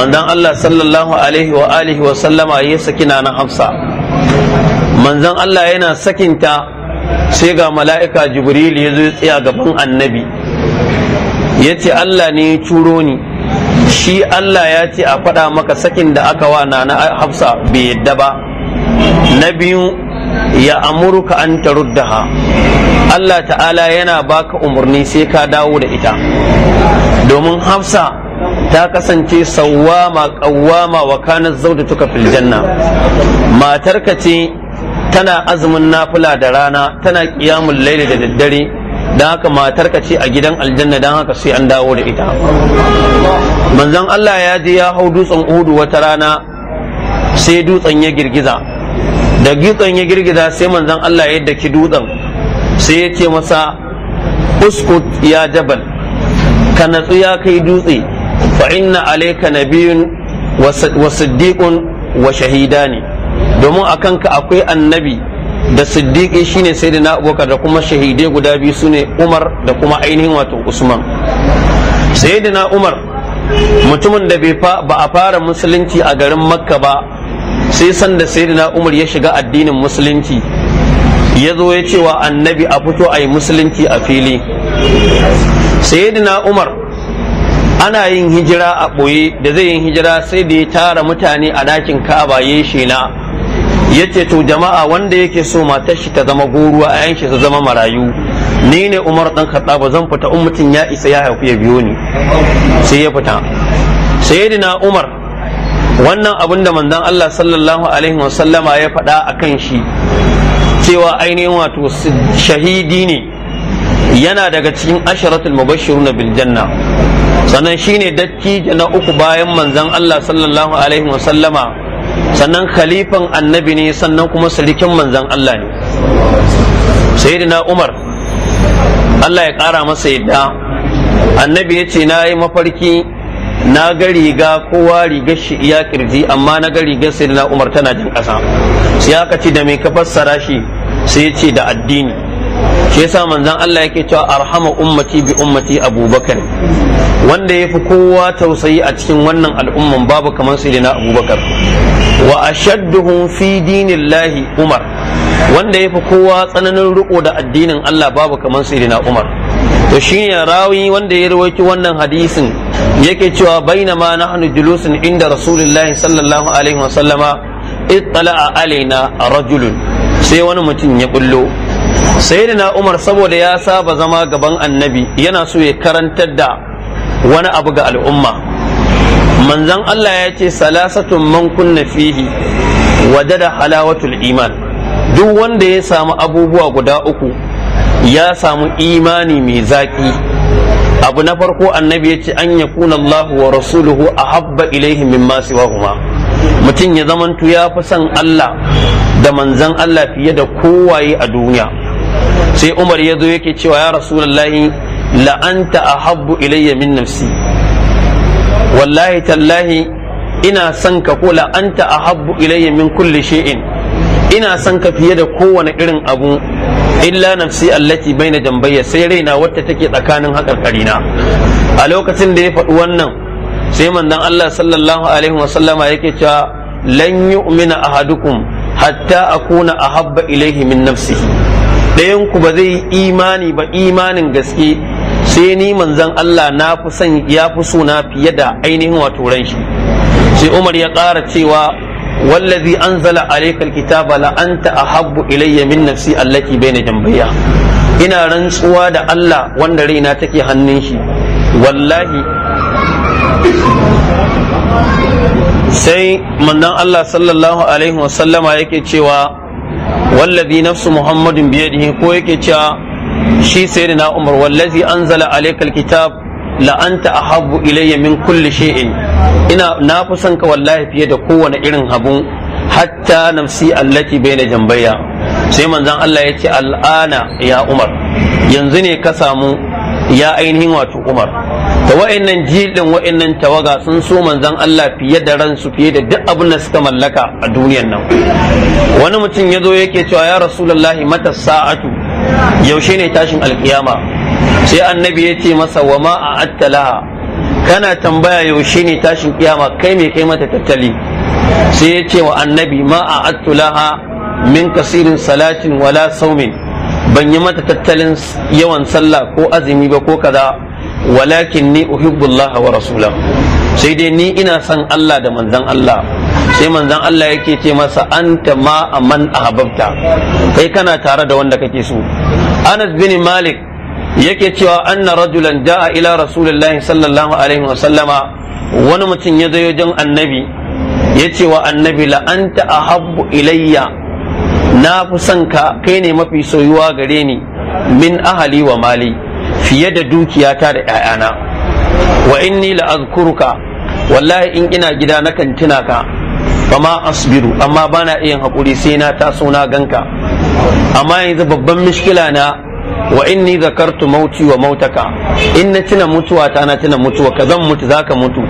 manzan Allah sallallahu alaihi wa alihi wa sallama ya saki na Hafsa manzon Allah yana sakinta sai ga mala'ika Jibril ya zo tsaya gaban annabi ya ce Allah ne ya turo ni shi Allah ya ce a faɗa maka sakin da aka wa na Hafsa bai yadda ba na biyu ya amurka an taruddaha Allah ta'ala yana baka umarni sai ka dawo da ita domin Hafsa ta kasance sawama kawama wa kanat tuka fil janna matarka ce tana azumin nafila da rana tana qiyamul layli da daddare dan haka matarka ce a gidan aljanna dan haka sai an dawo da ita manzon Allah ya je ya hau dutsen hudu wata rana sai dutsen ya girgiza da dutsen ya girgiza sai manzon Allah ya daki dutsen sai ya ce masa uskut ya jabal ka natsu ya kai dutse fa inna alayka nabiyyun wa siddiqun wa shahidani domin akan ka akwai annabi da siddiqi shine sayyidina abubakar da kuma shahidai guda biyu sune umar da kuma ainihin wato usman sayyidina umar mutumin da bai ba a fara musulunci a garin makka ba sai san sanda sayyidina umar ya shiga addinin musulunci ya zo ya cewa annabi a fito a yi musulunci a fili sayyidina umar ana yin hijira a ɓoye da zai yin hijira sai da ya tara mutane a ɗakin ka'aba ya na. ya ce to jama'a wanda yake so matar shi ta zama goruwa a yanki su zama marayu ni ne umar dan ba zan fita in mutum ya isa ya haifu ya biyo ni sai ya fita na umar wannan abin da manzon Allah sallallahu alaihi wasallama ya faɗa a kan shi cewa ainihin wato shahidi ne yana daga cikin asharatul mubashshiruna bil Biljanna. sannan shine dattijo na uku bayan manzan Allah sallallahu alaihi wasallama sannan khalifan annabi ne sannan kuma sarkin manzan Allah ne sayyidina Umar Allah ya kara masa yadda annabi ya ce na yi mafarki na ga riga kowa riga shi iya kirji amma na ga rigar sayyidina Umar tana jin ƙasa sai aka ce da mai ka fassara shi sai ya ce da addini shi yasa manzon Allah yake cewa arhama ummati bi ummati abubakar wanda yafi kowa tausayi a cikin wannan al'umman babu kamar sayyidina abubakar wa ashadduhum fi dinillahi umar wanda yafi kowa tsananin riko da addinin Allah babu kamar sayyidina umar to shine rawi wanda ya rawaito wannan hadisin yake cewa bainama nahnu julusun inda rasulullahi sallallahu alaihi wasallama ittala alaina rajulun sai wani mutum ya bullo sayyidina umar saboda ya saba zama gaban annabi yana so ya karantar da wani abu ga al'umma manzan Allah ya ce salasatun man kunna fihi wadada halawatul iman duk wanda ya samu abubuwa guda uku ya samu imani mai zaƙi abu na farko annabi ya ce an ya kuna wa rasuluhu a habba ilaihi masu wahuma mutum ya zamantu ya fi son Allah da manzan Allah fiye da kowaye a duniya sai umar ya zo yake cewa ya rasulallah, la'anta a habbu ilayya min nafsi wallahi tallahi ina son ka ko la'anta a habbu ilayya min kulli shiin ina son ka fiye da kowane irin abu illa nafsi allati na jambayya sai raina wata take tsakanin hakarkarina a lokacin da ya faɗi wannan sai Mandan Allah sallallahu alaihi wa sallama yake cewa lan yu'mina ahadukum hatta a akuna ahabba ilayhi min nafsihi ɗayan ku ba zai imani ba imanin gaske sai ni manzan Allah na fi son ya fi suna na fiye da ainihin wato ran shi sai Umar ya ƙara cewa wallazi anzala alayka alkitaba la anta ahabbu ilayya min nafsi allati baina jambayya ina rantsuwa da Allah wanda raina take hannun shi wallahi sai manzon Allah sallallahu alaihi wasallama yake cewa wallazi nafsu muhammadin biyadihi ko yake cewa shi na umar wallazi anzala alaykal kitab la anta ahabbu ilayya min kulli shay'in ina na fi son ka wallahi fiye da kowane irin abu hatta nafsi allati baina jambayya sai manzon Allah ya ce al'ana ya umar yanzu ne ka samu ya ainihin wato umar da wa'annan jilin wa'annan tawaga sun so manzan Allah fiye da ransu fiye da duk abin da suka mallaka a duniyan nan wani mutum ya zo yake cewa ya rasulullahi mata sa'atu yaushe ne tashin alkiyama sai annabi ya ce masa wa ma a attalaha kana tambaya yaushe ne tashin kiyama kai me kai mata tattali sai ya ce wa annabi ma a attulaha min kasirin salatin wala saumin ban yi mata tattalin yawan sallah ko azumi ba ko kaza walakin ni uhibbullaha wa rasulahu sai dai ni ina son Allah da manzon Allah sai manzon Allah yake ce masa anta ma aman ahbabta kai kana tare da wanda kake so Anas bin Malik yake cewa anna rajulan da'a ila rasulillahi sallallahu alaihi wa sallama wani mutum ya zo wajen annabi ya ce wa annabi la anta ahabbu ilayya na fi son ka kai ne mafi soyuwa gare ni min ahali wa mali fiye da dukiyata da ‘ya'yana wa inni la'azkuruka wallahi in ina gida na tuna ka fama asbiru amma bana iya haƙuri sai na taso na ganka amma yanzu babban mishkila na wa inni zakartu mauti wa mautaka in na tuna mutuwa ta na tuna mutuwa ka zan mutu zaka mutu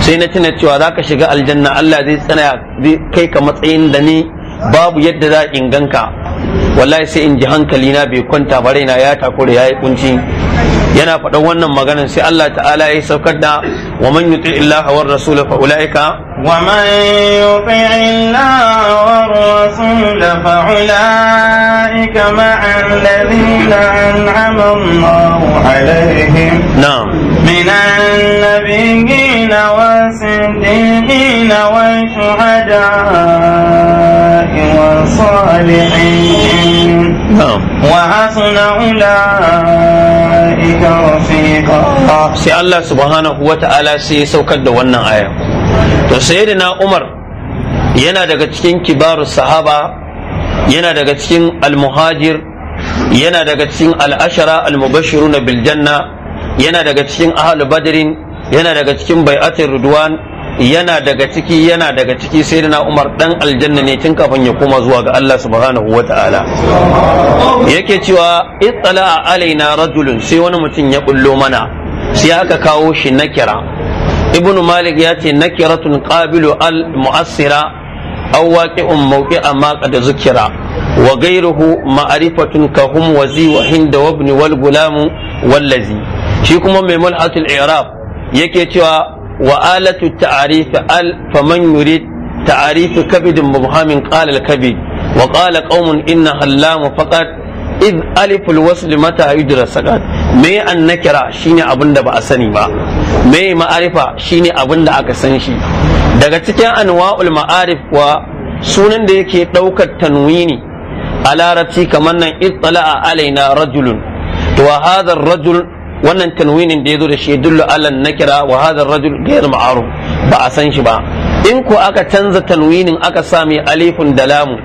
sai na tuna cewa zaka shiga aljanna Allah zai tsana zai kai ka matsayin da ni babu yadda za in ganka wallahi sai in ji hankali na bai kwanta ba raina ya takura ya yi kunci yana faɗan wannan maganan sai Allah ta'ala ya saukar da wa man yuti Allah wa rasul fa ulaika wa man yuti Allah wa rasul fa ulaika ma alladhina an'ama Allah alaihim na'am min an-nabiyyin was-siddiqin wash-shuhada'i was-salihin na'am wa hasuna ulai Allah رفيقا سي ta'ala sai ya saukar da wannan aya to na Umar yana daga cikin kibaru sahaba yana daga cikin almuhajir yana daga cikin al'ashara al na biljanna yana daga cikin ahlul badrin yana daga cikin bai'atir riduwan. yana daga ciki yana daga ciki sai na umar dan aljanna ne tun kafin ya koma zuwa ga Allah subhanahu wa ta'ala yake cewa itsala alaina rajulun sai wani mutum ya bullo mana sai aka kawo shi nakira ibn malik ya ce nakiratun qabilu al mu'assira aw waqi'un mawqi'a ma qad zukira wa ghayruhu ma'rifatun ka wazi wa hind wa ibn wal gulam wallazi shi kuma mai mulhatul i'rab yake cewa وآلة التعريف أل فمن يريد تعريف كبد مبهم قال الكبد وقال قوم إنها اللام فقط إذ ألف الوصل متى يدرس سقط me an nakira shine abin da ba a sani ba me ma'arifa shine abin da aka san shi daga cikin anwa'ul ma'arif sunan da yake ɗaukar tanwini a larabci kamar nan a alaina rajulun to hadha rajul wannan tanwinin da ya zo da shi dullu alan nakira wa hadha ar-rajul ghayr ma'ruf ba a san shi ba in ko aka canza tanwinin aka sa mai alifun da lamu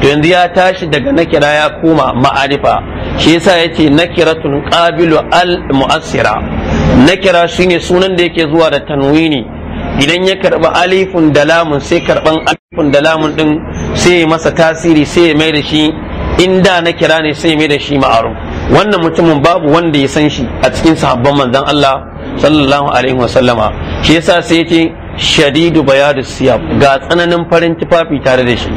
to yanzu ya tashi daga nakira ya koma ma'arifa shi yasa yace nakiratun qabilu al mu'assira nakira shine sunan da yake zuwa da tanwini idan ya karba alifun da lamun sai karban alifun da lamun din sai masa tasiri sai ya mai da shi in da nakira ne sai ya mai da shi ma'aruf wannan mutumin babu wanda ya san shi a cikin sahabban manzon Allah sallallahu alaihi wasallama shi yasa sai ce shadidu bayadu siyab ga tsananin farin tufafi tare da shi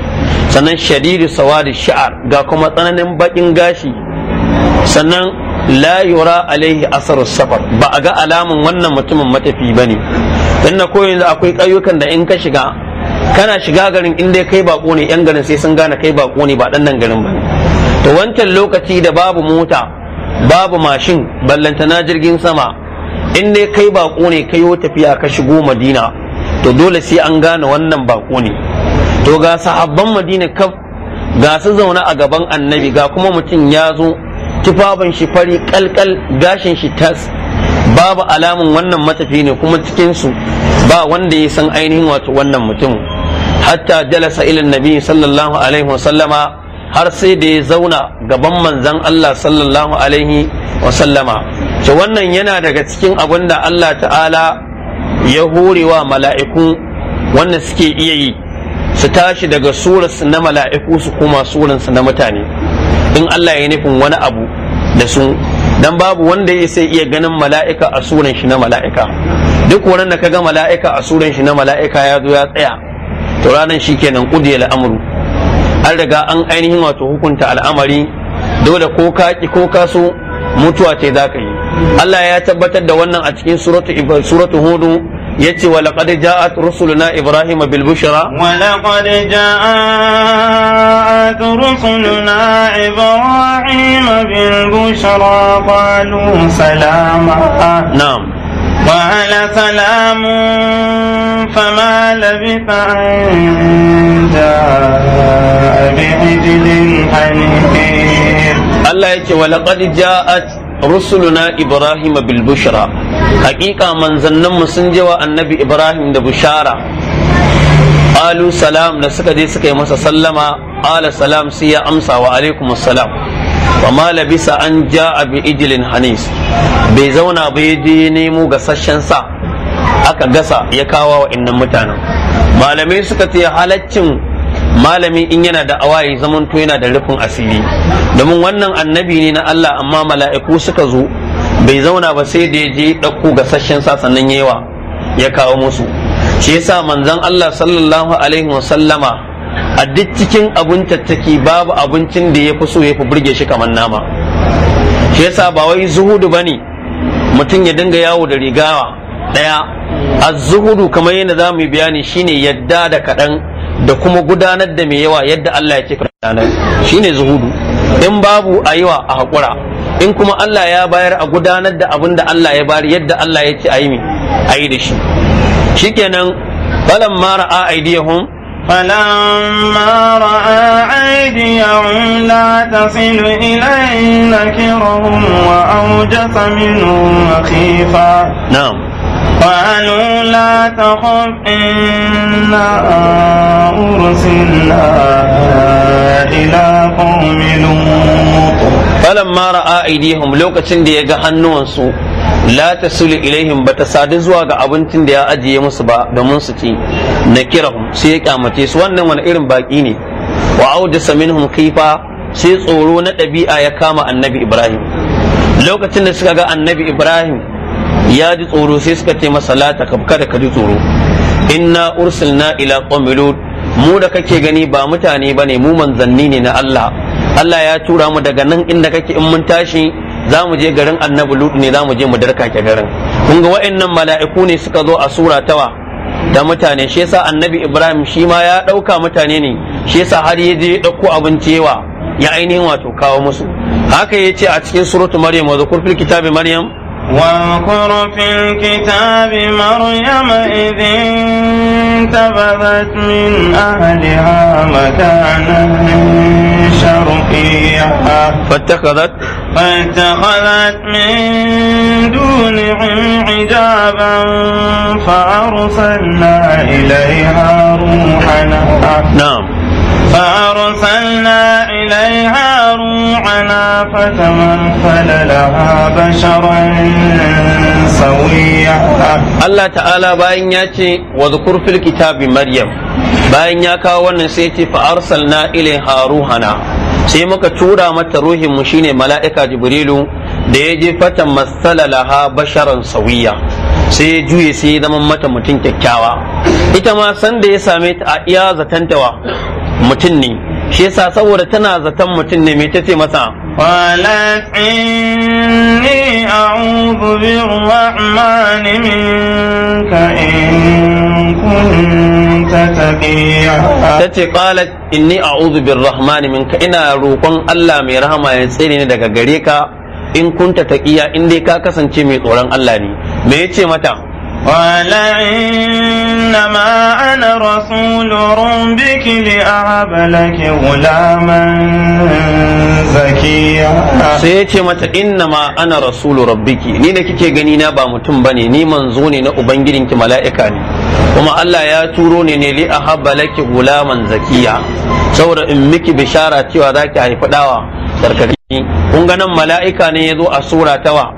sannan shadidu sawadi sha'ar ga kuma tsananin bakin gashi sannan la yura alaihi asaru safar ba a ga alamun wannan mutumin matafi ba ne, na koyi yanzu akwai ƙauyukan da in ka shiga kana shiga garin inda kai bako ne yan garin sai sun gane kai bako ne ba dan nan garin ba to wancan lokaci da babu mota babu mashin ballantana jirgin sama in dai kai bako ne kai tafiya ka shigo madina to dole sai an gane wannan bako ne to ga sahabban madina kaf ga su zaune a gaban annabi ga kuma mutum ya zo tufafin shi fari kalkal gashin shi tas babu alamun wannan matafi ne kuma cikinsu ba wanda ya san ainihin wato wannan mutum hatta jalasa ilan nabi sallallahu alaihi wasallama har sai da ya zauna gaban manzan Allah sallallahu alaihi wasallama to wannan yana daga cikin abin da Allah ta'ala ya horewa mala'iku wannan suke iya yi su tashi daga surarsu na mala'iku su kuma surarsu na mutane in Allah ya nufin wani abu da su dan babu wanda ya sai iya ganin mala'ika a suran shi na mala'ika duk wannan ka ga mala'ika a suran shi na mala'ika ya zo ya tsaya to shi kenan kudiyal amru an riga an ainihin wato hukunta al'amari dole ko ka ki ko ka so mutuwa ce za ka yi Allah ya tabbatar da wannan a cikin suratu suratu hudu yace wa laqad ja'at rusuluna ibrahima bil bushra wa laqad ja'at rusuluna ibrahima bil bushra qalu salama na'am قال سلام فما لبث أن جاء بعجل حنير الله يكي ولقد جاءت rusuluna ibrahim bil bushra hakika manzannin mu sun wa annabi ibrahim da bushara qalu da suka je suka yi masa sallama sai ya amsa wa fama labisa an ja bi ijilin hanis bai zauna ba ya je nemo sashen sa aka gasa ya kawo wa innan mutanen malamai suka ce halaccin malami in yana da awaye zaman to yana da rufin asiri domin wannan annabi ne na Allah amma mala'iku suka zo bai zauna ba sai da ya je ɗauko sashen sa sannan yawa ya kawo musu shi yasa manzon Allah sallallahu alaihi wasallama a duk cikin abun tattaki babu abincin da ya fi so ya fi burge shi kamar nama shi yasa ba wai zuhudu bane mutum ya dinga yawo da rigawa daya az-zuhudu kamar yadda za mu bayani shine yadda da kaɗan da kuma gudanar da mai yawa yadda Allah ya ce gudanar shine zuhudu in babu a a haƙura in kuma Allah ya bayar a gudanar da abin da Allah ya bari yadda Allah ya ce a yi da shi shikenan mara a aidiyahum فلما رأى أيديهم لا تصل إليه نكرهم وأوجس منهم خيفا نعم قالوا لا تخف إنا أرسلنا إلى قوم لوط فلما رأى أيديهم لوكا سندي يقى la sulu ilaihim ba ta sadu zuwa ga abincin da ya ajiye musu ba domin su ci na kirahum sai ya kyamace su wannan wani irin baki ne wa audisa minhum kifa sai tsoro na ɗabi'a ya kama annabi ibrahim lokacin da suka ga annabi ibrahim ya ji tsoro sai suka ce masa la takabka da ka ji tsoro inna ursilna ila qawmi mu da kake gani ba mutane bane mu manzanni ne na Allah Allah ya tura mu daga nan inda kake in mun tashi za mu je garin annabi lut ne za mu je mu darkake garin kun ga wa'annan mala'iku ne suka zo a sura tawa da mutane shi yasa annabi ibrahim shi ma ya ɗauka mutane ne shi yasa har ya je dauko abinci yawa ya ainihin wato kawo musu haka ya ce a cikin suratu maryam wa zakur fil kitabi maryam واذكر في الكتاب مريم إذ انتبذت من أهلها مكانا شرقيا فاتخذت فاتخذت من دونهم حجابا فأرسلنا إليها روحنا نعم فأرسلنا إليها روحنا فتمثل لها بشرا سويا الله تعالى باين ياتي وذكر في الكتاب مريم باين ياكا ونسيتي فأرسلنا إليها روحنا sai muka tura mata ruhinmu shine mala'ika jibrilu da ya je fata masala laha basharan sawiya sai ya juye sai ya zama mata mutum kyakkyawa ita ma sanda ya same ta a iya zatantawa mutum ne shi yasa saboda tana zaton mutum ne mai tace masa qalat inni a'udhu minka in kunta taqiya tace qalat inni a'udhu birrahmani minka ina roƙon Allah mai rahama ya tsare ni daga gare ka in kunta taqiya in dai ka kasance mai tsoron Allah ne me yace mata قال إنما أنا رسول ربك لأهب لك غلاما زكيا سيتي متى إنما أنا رسول ربك ba كيكي غنينا با متم بني ني منزوني ki mala'ika ne. kuma Allah ya turo ni ne li a habba laki gulaman zakiya saboda in miki bishara cewa zaki haifi dawa sarkaki kun ganin mala'ika ne ya zo a sura tawa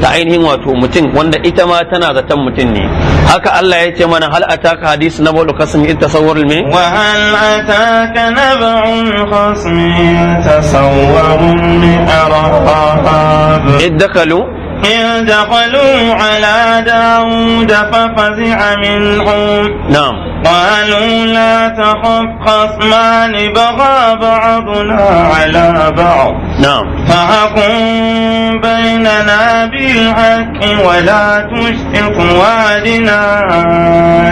ta ainihin wato mutum wanda ita ma tana zaton mutum ne haka Allah ya ce mana hal ataka hadisi na bulu kasim in tasawwur me wa hal ataka nab'un khasmin tasawwur min arqab kalu إذ دخلوا على داود ففزع منهم نعم قالوا لا تخف خصمان بغى بعضنا على بعض نعم فحكم بيننا بالحق ولا تشتق وادنا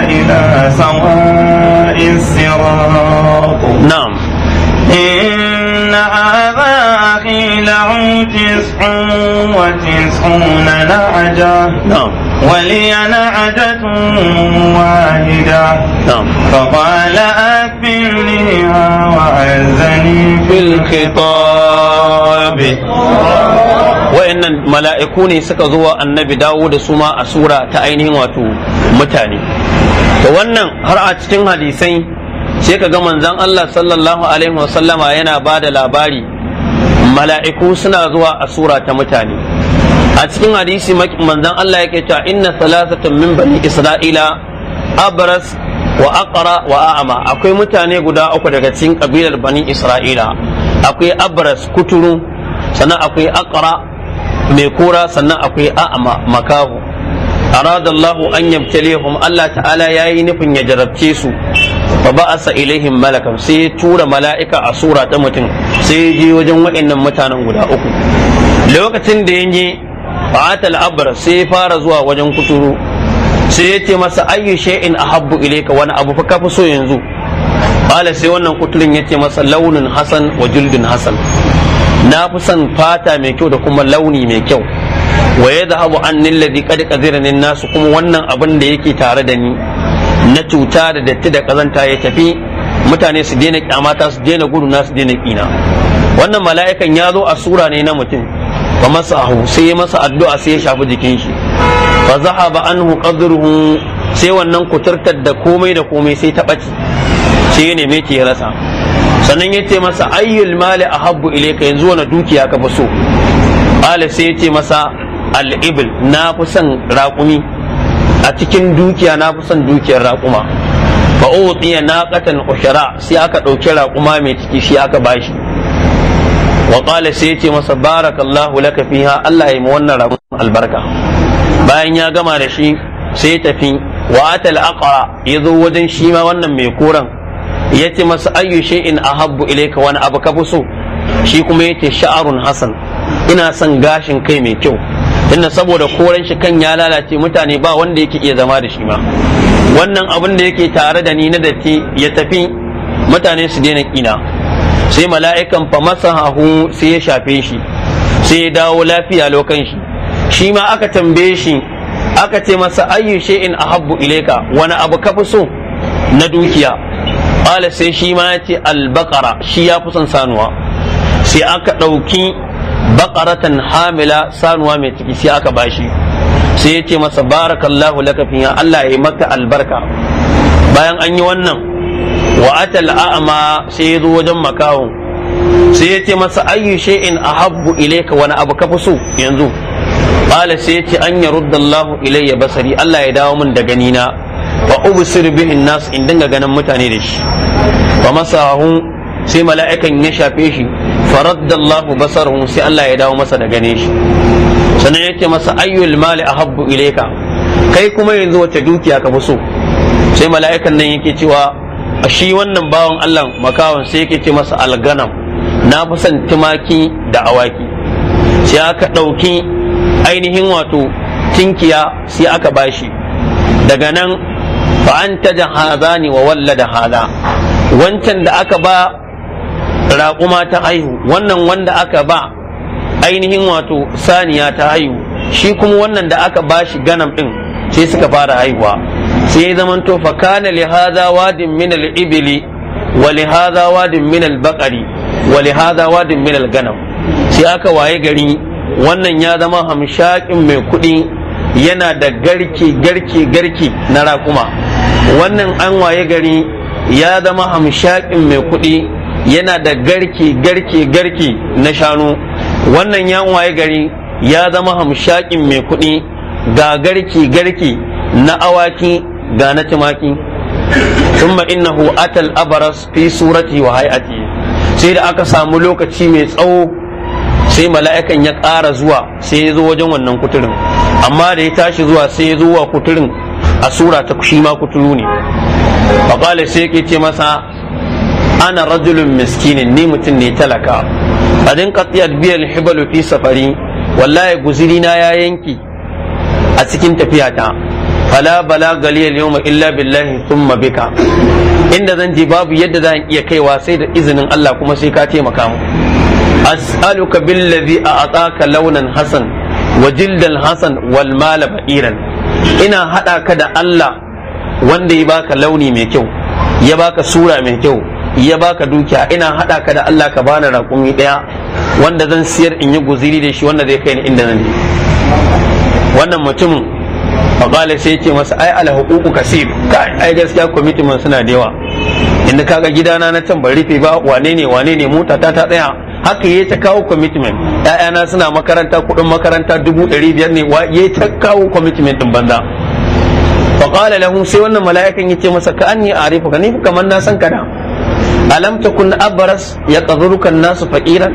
إلى سواء الصراط نعم إن هذا الذي له تسع وتسعون نعجة نعم ولي نعجة واحدة نعم فقال أكبرنيها وعزني في الخطاب wa'annan mala'iku ne suka zo wa annabi dawo da su ma a sura ta ainihin wato mutane to wannan har a cikin hadisai sai ka ga manzon Allah sallallahu alaihi wasallama yana ba da labari mala'iku suna zuwa a sura ta mutane a cikin hadisi manzon Allah yake cewa inna salasatun min bani isra'ila abras wa aqra wa a'ma akwai mutane guda uku daga cikin kabilar bani isra'ila akwai abras kuturu sannan akwai aqra mai kura sannan akwai a'ma makahu aradallahu an yamtalihum Allah ta'ala yayi nufin ya jarabce su fa ba'asa ilaihim malakan sai tura mala'ika a sura ta mutum sai je wajen waannan mutanen guda uku lokacin da ya yi fa'atal abar sai fara zuwa wajen kuturu sai ya ce masa ayyu shay'in ahabbu ilayka wani abu fa kafi so yanzu bala sai wannan kuturin ya ce masa launin hasan wa jildin hasan na fi son fata mai kyau da kuma launi mai kyau wa yadhhabu annin alladhi qad qadirani nasu kuma wannan abin da yake tare da ni na cuta da datti da kazanta ya tafi mutane su daina kyamata su daina gudu na su daina kina wannan mala'ikan ya zo a sura ne na mutum fa masa ahu sai ya masa addu'a sai ya shafi jikin shi fa zahaba anhu qadruhu sai wannan kuturtar da komai da komai sai ta ɓaci sai ya neme ki rasa sannan ya ce masa ayyul mali ahabbu ilayka yanzu wani dukiya ka fi so qala sai ya ce masa al na fi son raƙumi a cikin dukiya na fi son dukiyar raƙuma fa utiya naqatan ushra sai aka ɗauki raƙuma mai ciki shi aka bashi wa qala sai yace masa barakallahu laka fiha Allah ya yi wannan raƙuman albarka bayan ya gama da shi sai tafi wa atal aqra yazo wajen shi ma wannan mai koran yace masa ayyu shay'in ahabbu ilayka wani abu ka fi so shi kuma yace sha'arun hasan ina son gashin kai mai kyau inna saboda koren shi kan ya lalace mutane ba wanda yake iya zama da shi ma wannan abin da yake tare da ni na datti ya tafi mutane su daina kina sai mala'ikan fa masahahu sai ya shafe shi sai ya dawo lafiya lokan shi shi ma aka tambaye shi aka ce masa ayyu shay'in ahabbu ilayka wani abu kafi so na dukiya qala sai shi ma ya ce albaqara shi ya fi son sanuwa sai aka ɗauki baqaratan hamila sanuwa mai ciki sai aka bashi sai yace masa barakallahu laka fiya Allah ya maka albarka bayan an yi wannan wa atal a'ma sai ya zo wajen makawon sai yace masa ayyu shay'in ahabbu ilayka wani abu ka fi so yanzu qala sai yace an yarudda Allah ilayya basari Allah ya dawo min da ganina wa ubsir bihin nas in dinga ganin mutane da shi fa masahun sai mala'ikan ya shafe shi faraddallahu basarun sai Allah ya dawo masa da gane shi sannan yake masa ayyul mali ahabbu ilayka kai kuma yanzu wace dukiya ka fi so sai mala'ikan nan yake cewa a shi wannan bawan Allah makawan sai yake ce masa alganam na fi son tumaki da awaki sai aka ɗauki ainihin wato tinkiya sai aka bashi daga nan fa anta ta wa walla da hada wancan da aka ba raƙuma ta haihu wannan wanda aka ba ainihin wato saniya ta haihu shi kuma wannan da aka ba shi ganam ɗin sai suka fara haihuwa sai ya zama to fa kana li hadha wadin min al ibli wa li hadha wadin min al baqari wa li hadha wadin min al ganam sai aka waye gari wannan ya zama hamshakin mai kuɗi yana da garki garki garki na raƙuma wannan an waye gari ya zama hamshakin mai kuɗi yana da garke garke garke na shanu wannan ya waye gari ya zama hamshakin mai kuɗi ga garke garke na awaki ga na tumaki thumma innahu atal abaras fi surati wa hay'ati sai da aka samu lokaci mai tsawo sai mala'ikan ya ƙara zuwa sai ya zo wajen wannan kuturin amma da ya tashi zuwa sai ya zo wa kuturin a sura ta shi ma kuturu ne faƙale sai ke ce masa ana rajulun miskinin ni mutum ne talaka a din tsiyar biyar hibalu fi safari wallahi guziri na ya yanki a cikin tafiyata fala bala galiyar yau illa billahi thumma bika inda zan je babu yadda zan iya kaiwa sai da izinin Allah kuma sai ka taimaka mu as'aluka billazi a ataka launan hasan wa jildal hasan wal mala ba'iran ina hada ka da Allah wanda ya baka launi mai kyau ya baka sura mai kyau ya baka dukiya ina hada ka da Allah ka bani raƙumi ɗaya wanda zan siyar in yi guziri da shi wanda zai kai ni inda nan wannan mutumin faƙala sai ce masa ai ala hukuku kasir ai gaskiya commitment suna da yawa inda kaga gidana na can ban rufe ba wane ne wane ne mota ta ta tsaya haka ya ta kawo commitment ƴaƴana suna makaranta kuɗin makaranta dubu ɗari biyar ne ya ta kawo commitment din banza faƙala lahu sai wannan mala'ikan ya ce masa ka an yi arifa ka ni kamar na san ka da alam kun Abaras ya qadruka nasu fakira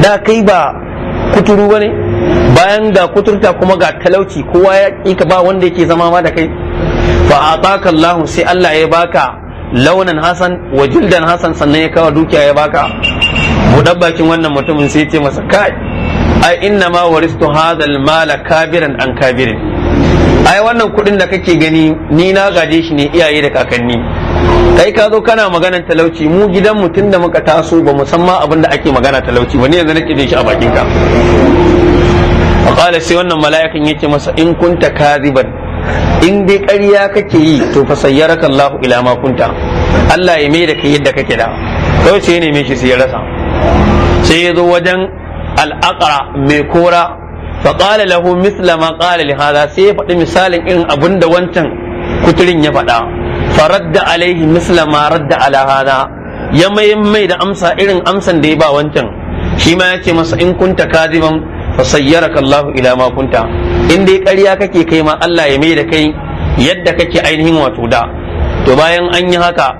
da kai ba kuturu ba ne, bayan ga kuturta kuma ga talauci kowa ya ka ba wanda yake zama ma da kai fa a ataka Allah sai Allah ya baka launin hasan wa jildan hasan sannan ya kawo dukiya ya baka budan bakin wannan mutumin sai ce masa kai ai inna ma waristu hadal mala kabiran an kabirin ai wannan kuɗin da kake gani ni na gaje shi ne iyaye da kakanni kai ka zo kana maganan talauci mu gidan mu da muka taso ba musamman abin da ake magana talauci ba ne yanzu nake jin shi a bakin ka qala sai wannan mala'ikan yake masa in kunta kaziban in dai ƙarya kake yi to fa sayyaraka Allah ila ma kunta Allah ya mai da kai yadda kake da kawai sai ne shi sai ya rasa sai ya zo wajen al'aqra mai kora fa qala lahu mithla ma qala li hadha sai ya faɗi misalin irin abin da wancan kuturin ya faɗa faradda alaihi misla ma radda ala ya mai mai da amsa irin amsan da ya ba wancan shi ma masa in kunta kadiban fa sayyaraka Allahu ila ma kunta in dai ƙarya kake kai ma Allah ya mai da kai yadda kake ainihin wato da to bayan an yi haka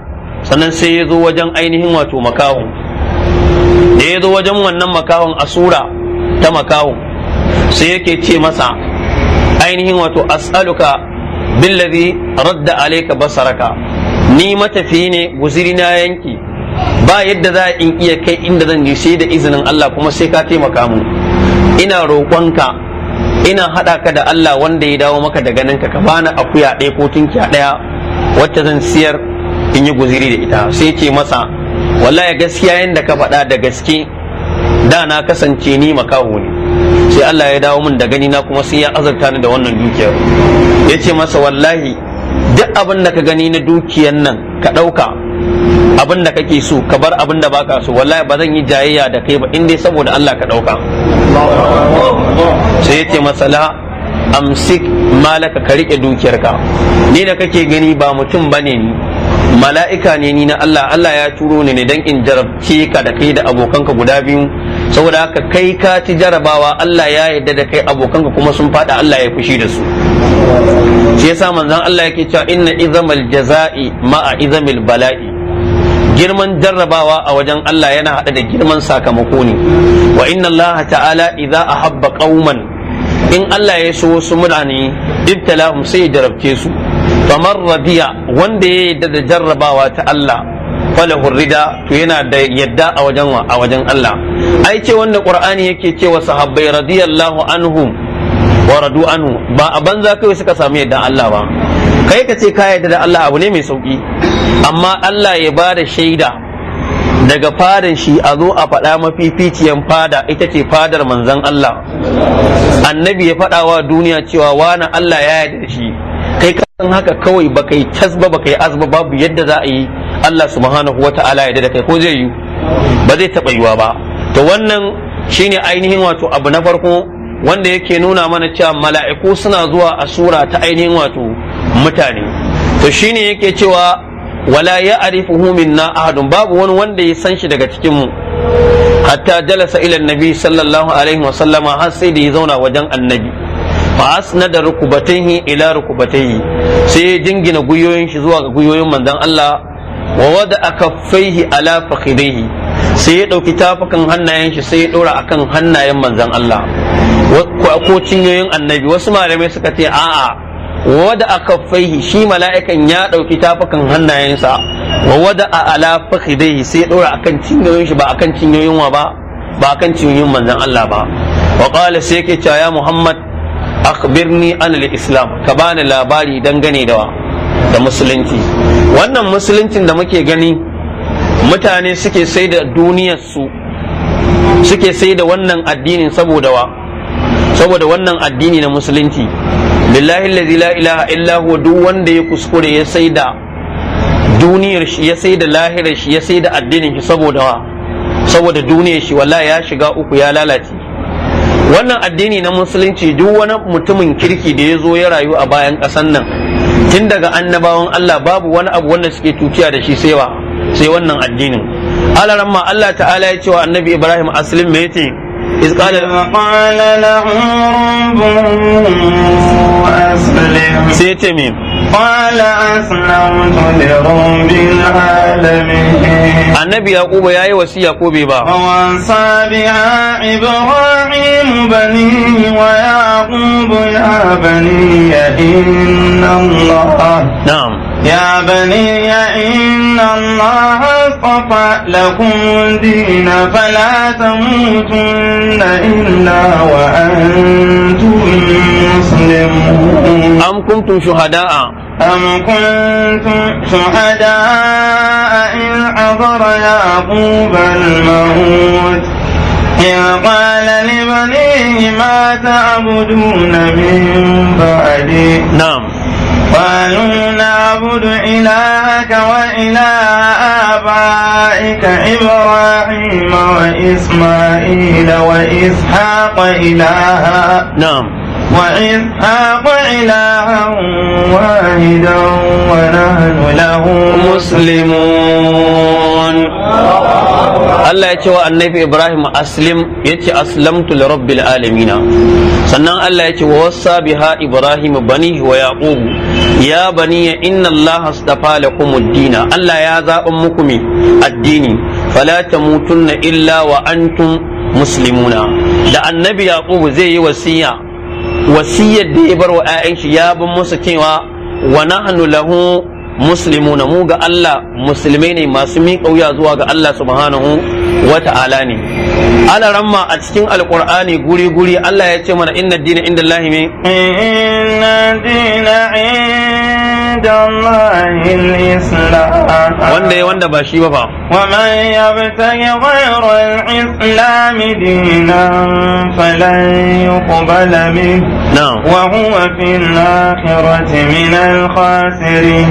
sannan sai ya zo wajen ainihin wato makahon da ya zo wajen wannan makahon a sura ta makahon sai yake ce masa ainihin wato as'aluka billazi radda alayka basaraka ni matafi ne guziri na yanki ba yadda za in iya kai inda zan yi, sai da izinin Allah kuma sai ka taimaka mu ina roƙonka ina haɗa ka da Allah wanda ya dawo maka da ganinka, ka ka bani akuya ɗaya ko tunkiya ɗaya wacce zan siyar in yi guziri da ita sai ce masa wallahi gaskiya yanda ka faɗa da gaske da na kasance ni makaho ne sai Allah ya dawo min da gani na kuma sai ya azurta ni da wannan dukiyar yace masa wallahi duk abin da ka gani na dukiyar nan ka ɗauka abin da kake so ka bar abin da baka so wallahi ba zan yi jayayya da kai ba in dai saboda Allah ka ɗauka sai yace masa la amsik malaka ka riƙe dukiyarka ni da kake gani ba mutum bane ni mala'ika ne ni na Allah Allah ya turo ni ne dan in jarabce ka da kai da abokanka guda biyu saboda haka kai ka ci jarabawa Allah ya yarda da kai abokanka kuma sun fada Allah ya fushi da su shi yasa manzon Allah yake cewa inna izamal jaza'i ma'a izamil bala'i girman jarrabawa a wajen Allah yana hada da girman sakamako ne wa inna Allah ta'ala idza ahabba qauman in Allah ya so wasu mutane ibtalahum sai ya jarabce su famar rabiya wanda ya yarda da jarrabawa ta Allah falahu rida to yana da yadda a wajen a wajen Allah ai ce wanda qur'ani yake cewa sahabbai radiyallahu anhum wa radu anhu ba a banza kai suka samu yadda Allah ba kai ka ce ka yadda da Allah abu ne mai sauki amma Allah ya ba da shaida daga fadan shi a zo a faɗa mafificiyan fada ita ce fadar manzan Allah annabi ya faɗa duniya cewa wani Allah ya yarda da shi kai kasan haka kawai bakai yi tasba baka yi azba babu yadda za a yi Allah subhanahu ta'ala ya da kai ko zai yi ba zai taɓa yiwa ba to wannan shine ainihin wato abu na farko wanda yake nuna mana cewa mala'iku suna zuwa a sura ta ainihin wato mutane to shine yake cewa wala ya minna ahadun babu wani wanda ya san shi daga cikin mu hatta jalasa ila nabi sallallahu alaihi wa sallama har sai da ya zauna wajen annabi na da rukubatai ila rukubatai sai dingina guyoyin shi zuwa ga guyoyin manzon Allah wa wada akaffaihi ala fakhidaihi sai ya dauki tafukan hannayen shi sai ya dora akan hannayen manzon Allah ko cinyoyin annabi wasu malamai suka ce a'a wada akaffaihi shi mala'ikan ya dauki tafukan hannayensa wa wada ala fakhidaihi sai ya dora akan cinyoyin shi ba akan cinyoyin wa ba ba akan cinyoyin manzon Allah ba wa qala sai yake cewa ya Muhammad akhbirni anil islam ka bani labari dangane da da musulunci wannan musuluncin da muke gani mutane suke sai da duniyar su suke sai da wannan addinin saboda wa saboda wannan addini na musulunci billahi allazi la ilaha illa huwa duk wanda ya kuskure ya sai da duniyar shi ya sai da lahirar shi ya sai da addinin shi saboda wa saboda duniyar shi wallahi ya shiga uku ya lalace wannan addini na musulunci duk wani mutumin kirki da ya zo ya rayu a bayan kasan nan tun daga annabawan Allah babu wani abu wanda suke tukiya da shi sai sai wannan addinin alaran ma Allah ta'ala ya ce wa annabi Ibrahim aslim me yace iz qala lahum aslim sai ce قال أسلمت لرب العالمين النبي يعقوب يا وسي يعقوب با ووصى بها إبراهيم بنيه ويعقوب يا بني إن الله نعم يا بني إن الله اصطفى لكم الدين فلا تموتن إلا وأنتم مسلمون أم كنتم شهداء أم كنتم شهداء إذ حضر يعقوب الموت إذ قال لبنيه ما تعبدون من بعدي نعم قالوا نعبد إلهك وإله آبائك إبراهيم وإسماعيل وإسحاق إلها نعم وإسحاق إلها واحدا ونحن له مسلمون Allah ya ce wa annabi Ibrahim aslim ya ce aslamtu li rabbil alamina sannan Allah ya ce wa wassa biha Ibrahim bani wa yaqub ya bani inna Allah astafa lakum ad-din Allah ya zaban muku mi addini fala tamutunna illa wa antum muslimuna da annabi yaqub zai yi wasiya wasiyar da ya bar wa 'ya'yan shi ya bin musu cewa wa nahnu lahu muslimuna mu ga Allah musulmai ne masu miƙa wuya zuwa ga Allah subhanahu wa ta'ala ne Ala ramma a cikin alkur'ani guri guri Allah ya ce mana inna dina inda Allah ne inna dina inda Allah wanda ya wanda ba shi ba fa wa man yabtaghi ghayra al-islam dinan falan yuqbala min wa huwa fil akhirati min al-khasirin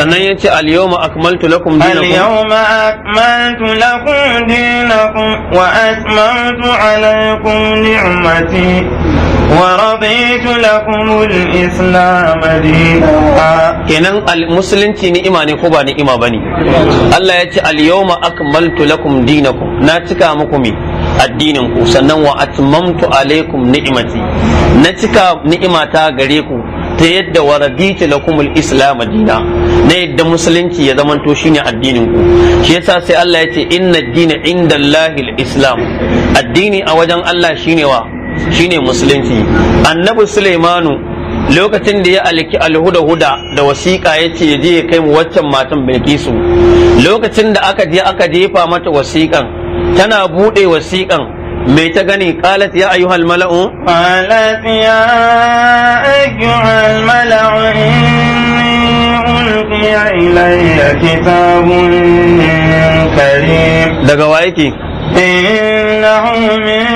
sannan yace al-yawma akmaltu lakum dinakum al-yawma akmaltu lakum dinakum وأتممت عليكم نعمتي ورضيت لكم الإسلام دينا كنن المسلم تيني إيماني خباني نئما بني الله يتي اليوم أكملت لكم دينكم ناتكا مكمي addinin ku sannan عليكم نعمتي alaikum نعمتا غريكم ta yadda wa raditu lakum al-islam dina na yadda musulunci ya zamanto shine addinin ku shi yasa sai Allah ya ce inna ad-dina inda islam addini a wajen Allah shine wa shine musulunci annabi Sulaimanu lokacin da ya alki alhuda huda da wasiƙa ya ce je ya kai mu waccan matan Bilkisu lokacin da aka je aka jefa mata wasiƙan tana buɗe wasiƙan me ta gani qalat ya ayyuhal mala'u qalat ya ayyuhal mala'u inni ulqiya ilayya kitabun karim daga wa yake إنه من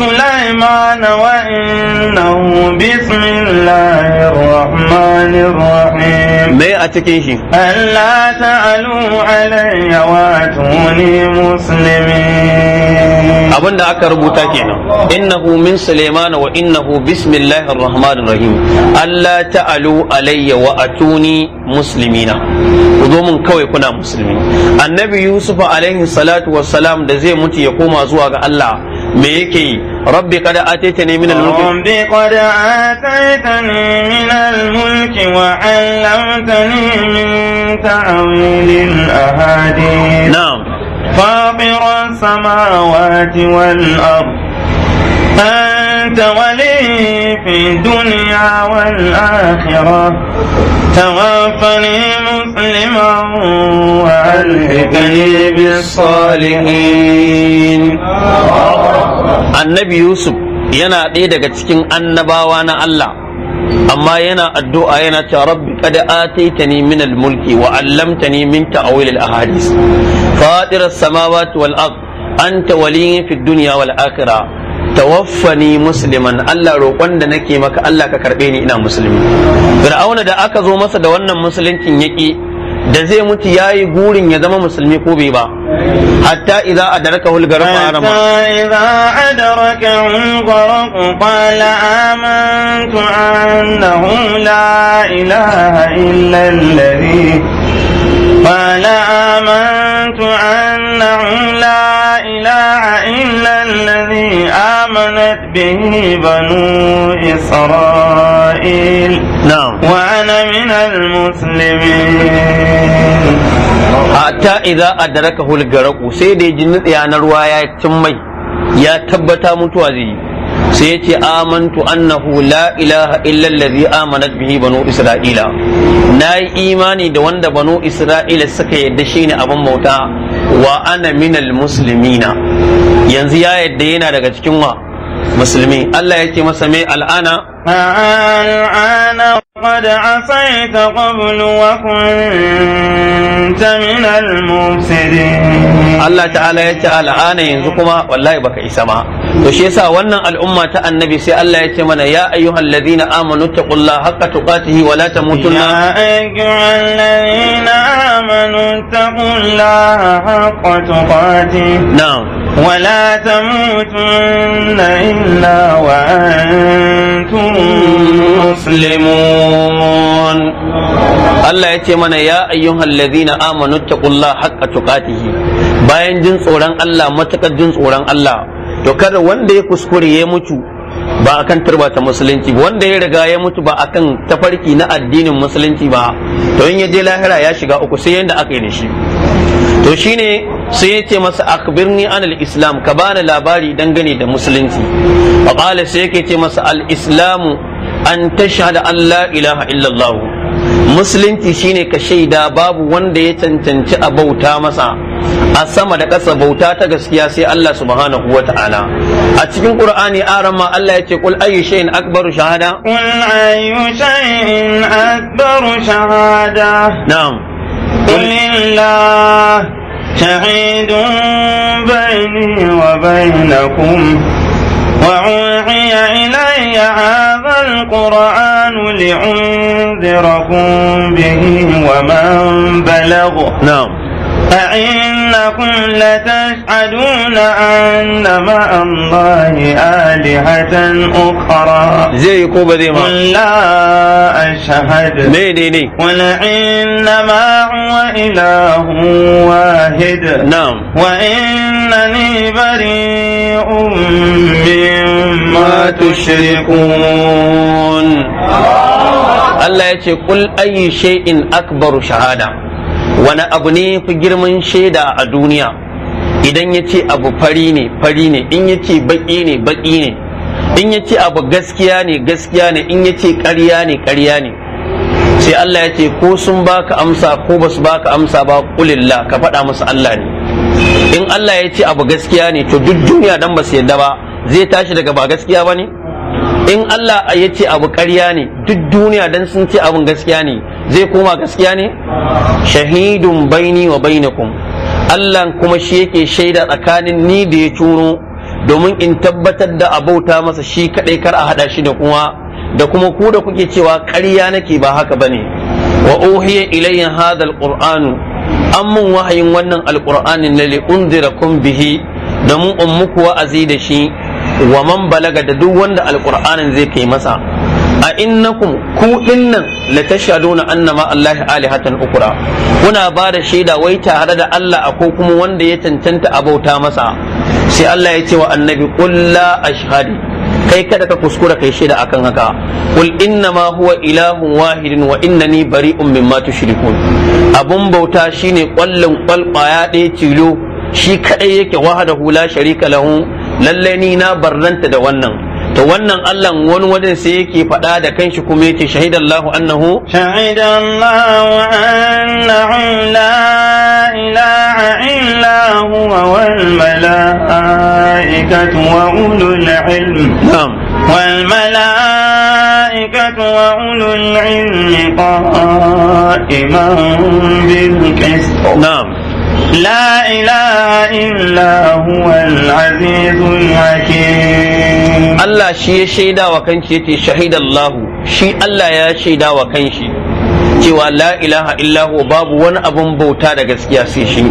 سليمان وإنه بسم الله الرحمن الرحيم ألا تعلوا علي وأتوني مسلمين abin da aka rubuta kenan innahu min suleiman wa innahu bismillahir rahmanir rahim Allah ta'alu alayya wa atuni muslimina ku zo kawai kuna musulmi annabi yusufa salatu wassalam da zai mutu tauhidi ya koma zuwa ga Allah me yake yi rabbi kada ataitani min al-mulki rabbi kada ataitani min al-mulki wa 'allamtani min ta'wil al-ahadith na'am فاطر السماوات والأرض أنت ولي في الدنيا والآخرة توفني مسلما وألحقني بالصالحين النبي يوسف ينا ديدك تشكين النبا وانا الله أما ينا الدعاء ينا رب قد آتيتني من الملك وعلمتني من تأويل الأحاديث فاطر السماوات والأرض أنت ولي في الدنيا والآخرة tawaffani musliman Allah roƙon da nake maka Allah ka karɓe ni ina musulmi fir'auna da aka zo masa da wannan musuluncin yaki da zai mutu yayi gurin ya zama musulmi ko bai ba hatta idza adraka hul garqa arama hatta idza adraka hul qala amantu annahu la ilaha illa alladhi qala amantu annahu la آمنت به بنو إسرائيل نعم وأنا من المسلمين حتى إذا أدركه الغرق سيدي جنة يا نروى يا تمي يا تبتا متوازي sai yace amantu annahu la'ilaha ilaha illa allazi amanat bihi banu isra'ila nayi imani da wanda banu isra'ila suka yadda shine abin bauta wa ana minal muslimina yanzu ya yadda yana daga cikin wa musulmi Allah yake masa mai al'ana al'ana قد عصيت Allah وكنت من a الله تعالى يتعالى الآن ينزكما والله بك إسما to yasa wannan al'umma ta annabi sai Allah ya ce mana ya ayyuhal ladina amanu taqullaha haqqa tuqatihi wa la tamutunna ya ayyuhal ladina amanu taqullaha haqqa tuqatihi na'am ولا تموتن إلا وأنتم مسلمون الله يتمنى يا أيها الذين آمنوا اتقوا الله حق تقاته bayan jin tsoron Allah matakar jin tsoron Allah to kada wanda ya kuskure ya mutu ba a kan tarbata musulunci wanda ya riga ya mutu ba a kan tafarki na addinin musulunci ba to in ya je lahira ya shiga uku sai yanda aka yi da shi to shine sai ya ce masa akbirni an al-islam ka bani labari dangane da musulunci fa qala sai yake ce masa al-islamu an da an la ilaha illallah musulunci shine ka shaida babu wanda ya cancanci a bauta masa a sama da ƙasa bauta ta gaskiya sai Allah subhanahu wa ta'ala a cikin Qur'ani arama Allah yake kul ayyu shay'in akbaru shahada kul ayyu shay'in akbaru shahada na'am qul lillah shahidun bayni wa bainakum وأوحي إلي هذا القرآن لأنذركم به ومن بلغ نعم أئنكم لتشهدون أن مع الله آلهة أخرى زي قوبة دي ما قل لا أشهد ني ني ني قل إنما هو إله واحد نعم وإنني بريء مما تشركون الله يقول قل أي شيء أكبر شهادة wani abu ne fi girman shaida a duniya idan ya ce abu fari ne fari ne in ya ce baƙi ne baƙi ne in ya ce abu gaskiya ne gaskiya ne in ya ce ƙarya ne ƙarya ne sai Allah ya ce ko sun baka amsa ko ba su baka amsa ba kulillah ka faɗa musu Allah ne in Allah ya ce abu gaskiya ne to duk duniya dan ba su yadda ba zai tashi daga ba gaskiya ba ne in Allah ya ce abu ƙarya ne duk duniya dan sun ce abun gaskiya ne zai koma gaskiya ne shahidun baini wa bainakum Allah kuma shi yake shaida tsakanin ni da ya turo domin in tabbatar da abauta masa shi kadai kar a hada shi da kuma da kuma ku da kuke cewa ƙarya nake ba haka bane wa uhiya ilayya hadha alquran an mun wahayin wannan alqur'anin la li bihi da mun ummuku wa'azi da shi wa man balaga da duk wanda alqur'anin zai kai masa a innakum ku dinnan la tashhaduna annama allahi alihatan ukra kuna ba da shaida wai tare da Allah ko kuma wanda ya tantanta abauta masa sai Allah ya ce wa annabi qul la ashhadu kai kada ka kuskura kai shaida akan haka qul innama huwa ilahun wahidin wa innani bari'un mimma tushrikun abun bauta shine kwallon kwalkwaya ɗaya tilo shi kadai yake wahada hula sharika lahu lallai ni na barranta da wannan to wannan Allah wani wajen sai yake faɗa da kanshi kuma yake shahidan Allahu annahu shahidan Allahu annahu la ilaha illa huwa wal malaikatu wa ulul ilm wal malaikatu wa ulul ilm qa'iman bil qist na'am لا إله إلا هو العزيز الحكيم Allah shi ya shaida wa kanshi yace shahidallahu shi Allah ya shaida wa kanshi cewa la ilaha illahu babu wani abun bauta da gaskiya sai shi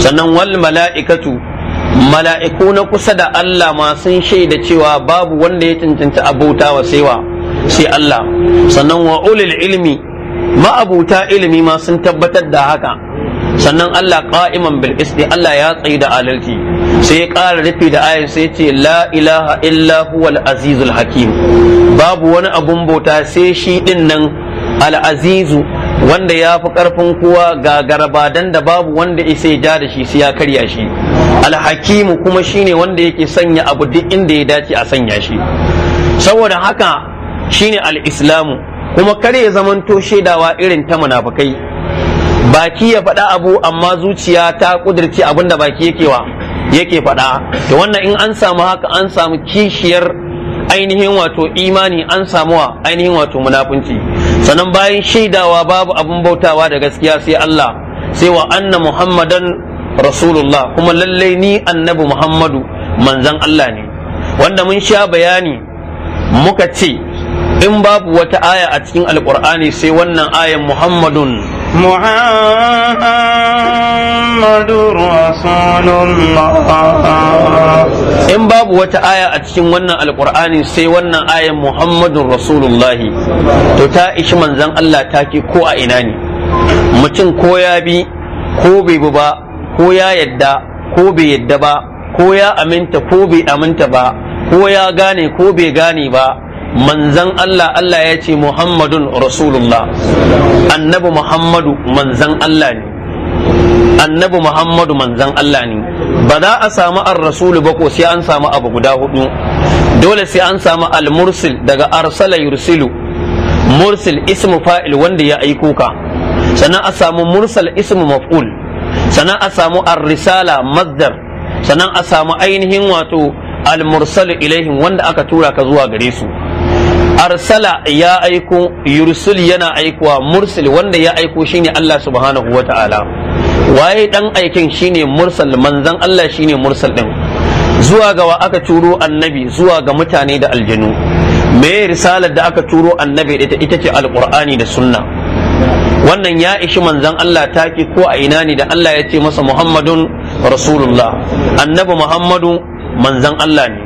sannan wal mala'ikatu mala'iku na kusa da Allah ma sun shaida cewa babu wanda ya cancanta abota wa saiwa sai Allah sannan wa ulil ilmi ma'abuta ilimi ma sun tabbatar da haka sannan Allah qa'iman bil ne Allah ya tsayi da adalci sai ya ƙara rufe da ayin sai ce la ilaha illa huwal azizul hakim babu wani abun bauta sai shi din nan al azizu wanda ya fi ƙarfin kowa ga don da babu wanda isa ja da shi sai ya karya shi al hakimu kuma shine wanda yake sanya abu duk inda ya dace a sanya shi saboda haka shine al islamu kuma kare zamanto shaidawa irin ta munafukai baki ya faɗa abu amma zuciya ta ƙudirci abin da baki yake wa yake faɗa Da wannan in an samu haka an samu kishiyar ainihin wato imani an samu wa ainihin wato munafunci sannan bayan shaidawa babu abin bautawa da gaskiya sai Allah sai wa anna muhammadan rasulullah kuma lallai ni annabi muhammadu manzan Allah ne wanda mun sha bayani muka ce in babu wata aya a cikin alkur'ani sai wannan ayan muhammadun محمد رسول in babu wata aya a cikin wannan alkur'ani sai wannan ayan muhammadun rasulullahi to ta ishi manzan Allah ta ke ko a ina ne mutum ko ya bi ko bai ba ko ya yadda ko bai yadda ba ko ya aminta ko bai aminta ba ko ya gane ko bai gane ba manzan Allah Allah ya ce Muhammadun Rasulullah annabi Muhammadu manzan Allah ne annabi Muhammadu manzan Allah ne ba za a samu ar rasulu ba ko sai an samu abu guda hudu dole sai an samu al-mursil daga arsala yursilu mursil ismu fa'il wanda ya aiko ka sannan a samu mursal ismu maf'ul sannan a samu ar-risala mazdar sannan a samu ainihin wato al-mursal ilaihim wanda aka tura ka zuwa gare su arsala ya aiko yursul yana aikowa mursil wanda ya aiko shine Allah subhanahu wa ta'ala waye dan aikin shine mursal manzan Allah shine mursal din zuwa ga wa aka turo annabi zuwa ga mutane da aljanu me risalar da aka turo annabi ita ita ce alqur'ani da sunna wannan ya ishi manzan Allah taki ko a ina ne da Allah ya ce masa Muhammadun rasulullah annabi Muhammadu manzan Allah ne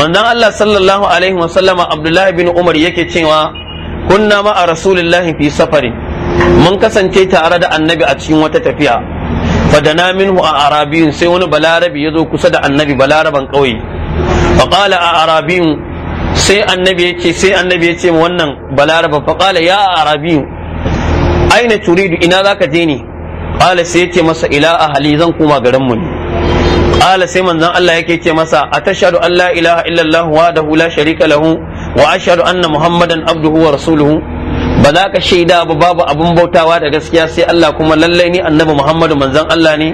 manzon Allah sallallahu alaihi wasallama Abdullahi bin Umar yake cewa kunna ma a rasulillahi fi safari mun kasance tare da annabi a cikin wata tafiya fadana minhu a arabiyun sai wani balarabi ya zo kusa da annabi balaraban ƙauye faƙala a arabiyun sai annabi ya ce sai annabi ya ce wannan balaraban faƙala ya a arabiyun aina turidu ina za ka je ne ƙala sai ya ce masa ila hali zan koma garinmu ne Ala sai manzon Allah yake ce masa a an la ilaha illallah wahdahu la sharika lahu wa ashhadu anna muhammadan wa rasuluhu ba za ka shaida ba babu abun bautawa da gaskiya sai Allah kuma lallai ni annabi muhammadu manzon Allah ne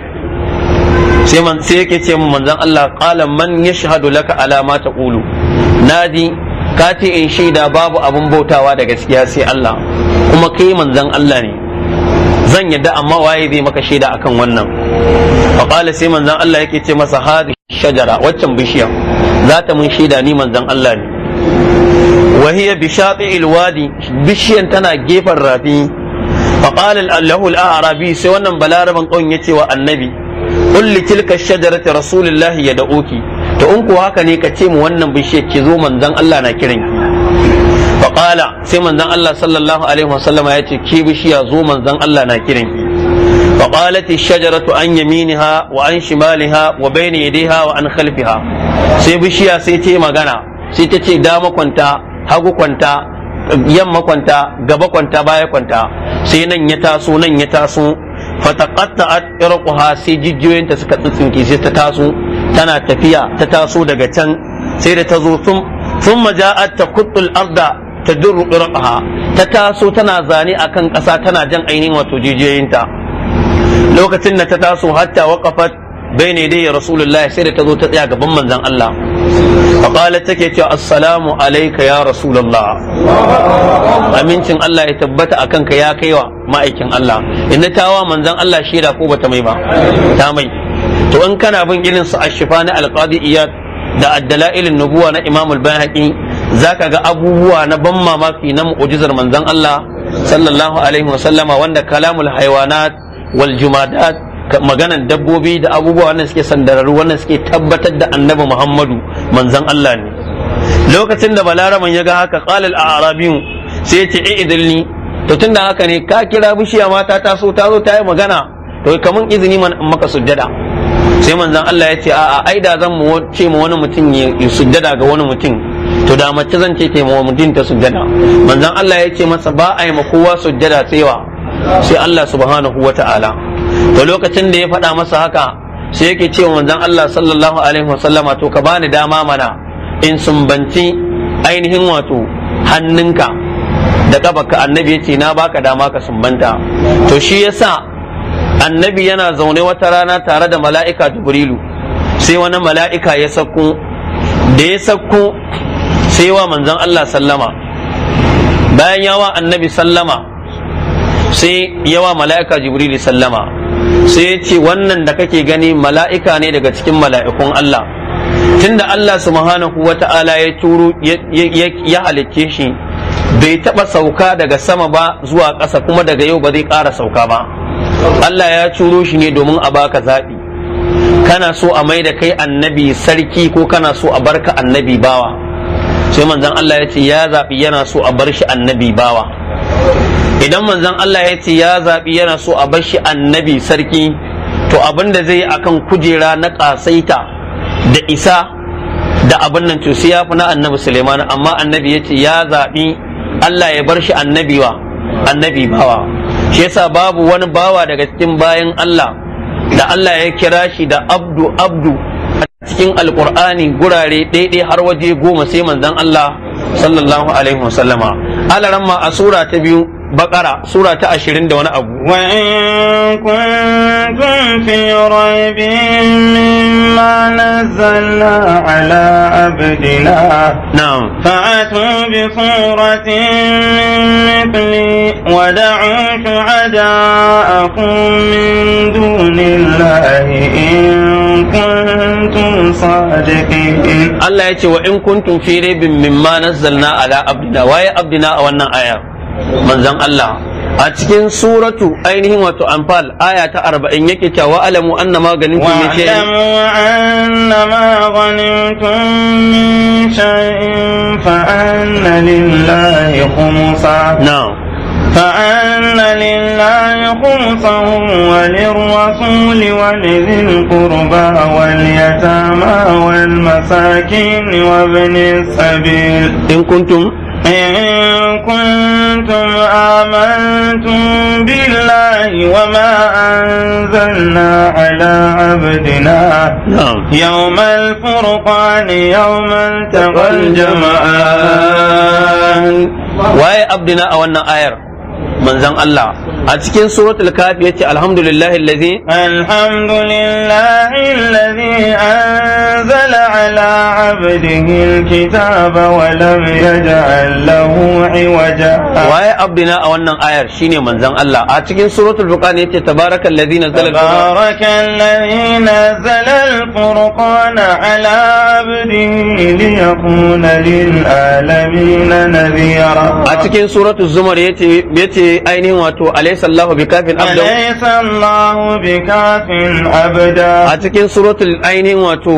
sai man sai yake ce mu manzon Allah qala man yashhadu laka alama ta kulu. nadi ka ce in shaida babu abun bautawa da gaskiya sai Allah kuma kai manzon Allah ne zan yadda amma waye zai maka shaida akan wannan faƙala sai manzan Allah yake ce masa hadi shajara waccan bishiya za ta mun shaida ni manzan Allah ne wahiya bi shaqi ilwadi bishiyan tana gefen rafi faƙala Allahu al-arabi sai wannan balaraban ya ce wa annabi kulli tilka shajarati rasulillahi yad'uki to in ko haka ne ka ce mu wannan bishiyar ki zo manzan Allah na kiran ki faƙala sai manzon Allah sallallahu alaihi wasallama ya ce ke bishiya zo manzon Allah na kiran ki فقالت الشجرة عن يمينها وعن شمالها وبين wa an khalfiha. sai bishiya sai ta magana sai ta ce dama kwanta hagu kwanta yamma kwanta gaba kwanta baya kwanta sai nan ya taso nan ya taso fataqatta'at irquha sai ta suka tsitsinke sai ta taso tana tafiya ta taso daga can sai da ta zo sun thumma ja'at taquttul arda ta durru ta taso tana zane akan ƙasa tana jan ainihin wato jijiyoyinta lokacin da ta taso hatta waqafat bayne dai rasulullahi sai da ta zo ta tsaya gaban manzan Allah ta ke cewa assalamu alayka ya rasulullah amincin Allah ya tabbata akan ka ya kaiwa ma'aikin Allah inda tawa manzan Allah shaida ko bata mai ba ta mai to in kana bin irin su ashifa na alqadi iyad da addala'ilin nubuwa na imamul bayhaqi zaka ga abubuwa na ban mamaki na mu'ujizar Manzan Allah sallallahu alaihi wa sallama wanda kalamul haiwanat wal jumadat maganan dabbobi da abubuwa wannan suke sandararu wannan suke tabbatar da annabi Muhammadu Manzan Allah ne lokacin da balaraman ya ga haka qalal arabiyu sai ya ce eh, idilni to tunda haka ne ka kira bishiya mata ta so ta zo ta yi magana to kamun izini maka sujjada sai manzon Allah ya ce a'a ai da zan mu ce mu wani mutum ya sujjada ga wani mutum to da mace zan ce wa mutum ta sujjada manzon Allah ya ce masa ba a yi kowa sujjada tsewa sai Allah subhanahu wa ta'ala to lokacin da ya faɗa masa haka sai yake ce manzon Allah sallallahu alaihi wasallama to ka bani dama mana in sumbanci ainihin wato hannunka da ƙafarka annabi ya ce na baka dama ka sumbanta to shi yasa annabi yana zaune wata rana tare da mala'ika jibrilu sai wani mala'ika ya sakko da ya sakko sai wa manzon Allah sallama bayan yawa annabi sallama sai yawa mala'ika jibrili sallama sai ya ce wannan da kake gani mala'ika ne daga cikin mala'ikun Allah tunda Allah subhanahu wata ala ya turo ya halicce shi bai taba sauka daga sama ba zuwa ƙasa kuma daga yau ba zai ƙara sauka ba Allah ya turo shi ne domin a baka zaɓi kana so a mai da kai annabi sarki ko kana so a barka annabi bawa sai manzan Allah ya ce ya zaɓi yana so a bar shi annabi bawa idan manzon Allah ya ce ya zaɓi yana so a bar shi annabi sarki to abin da zai yi akan kujera na ƙasaita da isa da abin nan ya fi na annabi Suleiman amma annabi ya ce ya zaɓi Allah ya bar shi annabi wa annabi bawa shi yasa babu wani bawa daga cikin bayan Allah da Allah ya kira shi da abdu abdu a cikin alkur'ani gurare daidai har waje goma sai manzon Allah sallallahu alaihi wasallama alaran ma a sura ta biyu Baƙara sura ta ashirin da wani abu wa in kuntum fi raibin mimma nazzalna ala abdina na'am fa'atu bi min dunillahi in kuntum sadiqin Allah ya wa in kuntum waye a wannan aya manzon Allah a cikin suratu ainihin wato anfal aya ta arba'in yake cewa alamu anna ma ganimtum min shay'in alamu anna ma ganimtum min shay'in fa anna lillahi khumsa na'am فأن لله خمسه وللرسول ولذي القربى واليتامى والمساكين وابن السبيل إن كنتم إن كنتم آمنتم بالله وما أنزلنا على عبدنا يوم الفرقان يوم التقى الجمعان وأي عبدنا أولنا آير من زن الله a cikin suratul kafi yace alhamdulillahi allazi alhamdulillahi allazi anzala ala عبده الكتاب ولم يجعل له عوجا واي عبدنا a wannan ayar shine manzon Allah a cikin suratul furqan yace tabarakal ladzi nazzala tabarakal ladzi nazzala al-furqan ala abdihi liyakuna lil alamin nadhira a cikin suratul zumar yace yace ainihin wato alaysa Allahu bikafin abdahu alaysa a cikin suratul ainihin wato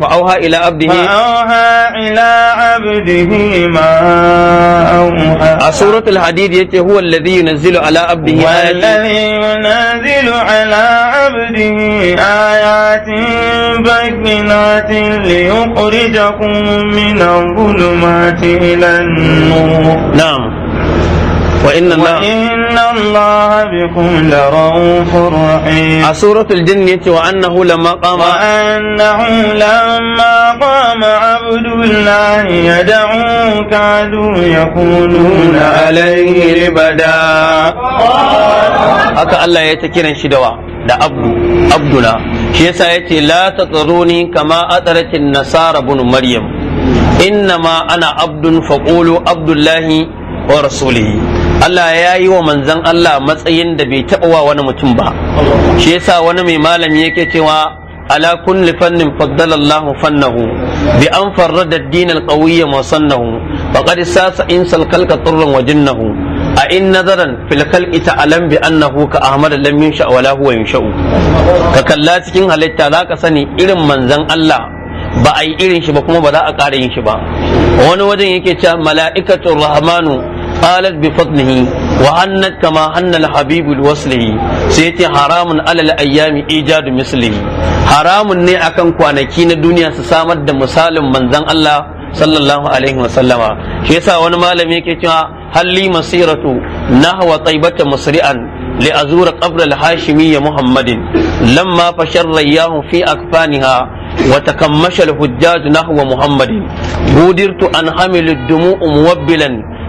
fa فأوحى إلى عبده فأوحى إلى عبده ما أوحى سورة الحديد يتي هو الذي ينزل على عبده هو الذي ينزل على عبده آيات بينات ليخرجكم من الظلمات إلى النور نعم وإن الله وإن الله بكم لرؤوف رحيم سورة الجن وأنه لما قام وأنه لما قام عبد الله يدعوه كادوا يكونون عليه لبدا haka Allah ya ta kiran shi dawa da abdu abdula shi yasa yace la tatruni kama atratin nasara bin maryam ma ana abdun faqulu abdullahi wa Allah ya yi wa manzan Allah matsayin da bai taɓa wa wani mutum ba shi yasa wani mai malami yake cewa ala kulli fannin faddala Allahu fannahu bi an farrada ad-din al-qawiyya wa faqad sasa insal khalqa turran wa jinnahu a in nazaran fil khalqi ta'lam bi annahu ka ahmad lam yunsha wa la huwa yunsha'u ka kalla cikin halitta zaka sani irin manzan Allah ba a yi irin shi ba kuma ba za a ƙara yin shi ba wani wajen yake cewa mala'ikatul rahmanu qalat bi wa annat kama anna al habib waslihi yace haramun alal ayyami ijadu mislihi haramun ne akan kwanaki na duniya su samar da misalin manzon Allah sallallahu alaihi wa sallama shi yasa wani malami yake cewa halli masiratu nahwa taibata musri'an li azura qabr al hashimiyya muhammadin akfaniha wa nahwa budirtu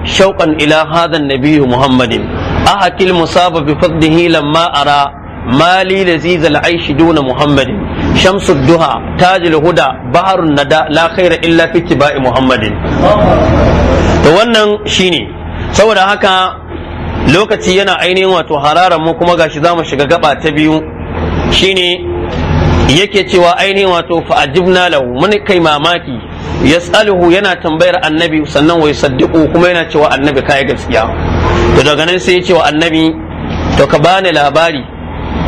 shauƙan ila hadan nabiyyu muhammadin ahakil musaba bi fadlihi lamma ara mali da aishi duna muhammadin shamsu duha tajil huda baharun nada la khaira illa fi tibai muhammadin to wannan shine saboda haka lokaci yana ainihin wato hararan mu kuma gashi zamu shiga gaɓa ta biyu shine yake cewa ainihin wato fa'ajibna lahu mun kai mamaki yas'aluhu yana tambayar annabi sannan wai saddiqu kuma yana cewa annabi kai gaskiya to daga nan sai ya ce wa annabi to ka bani labari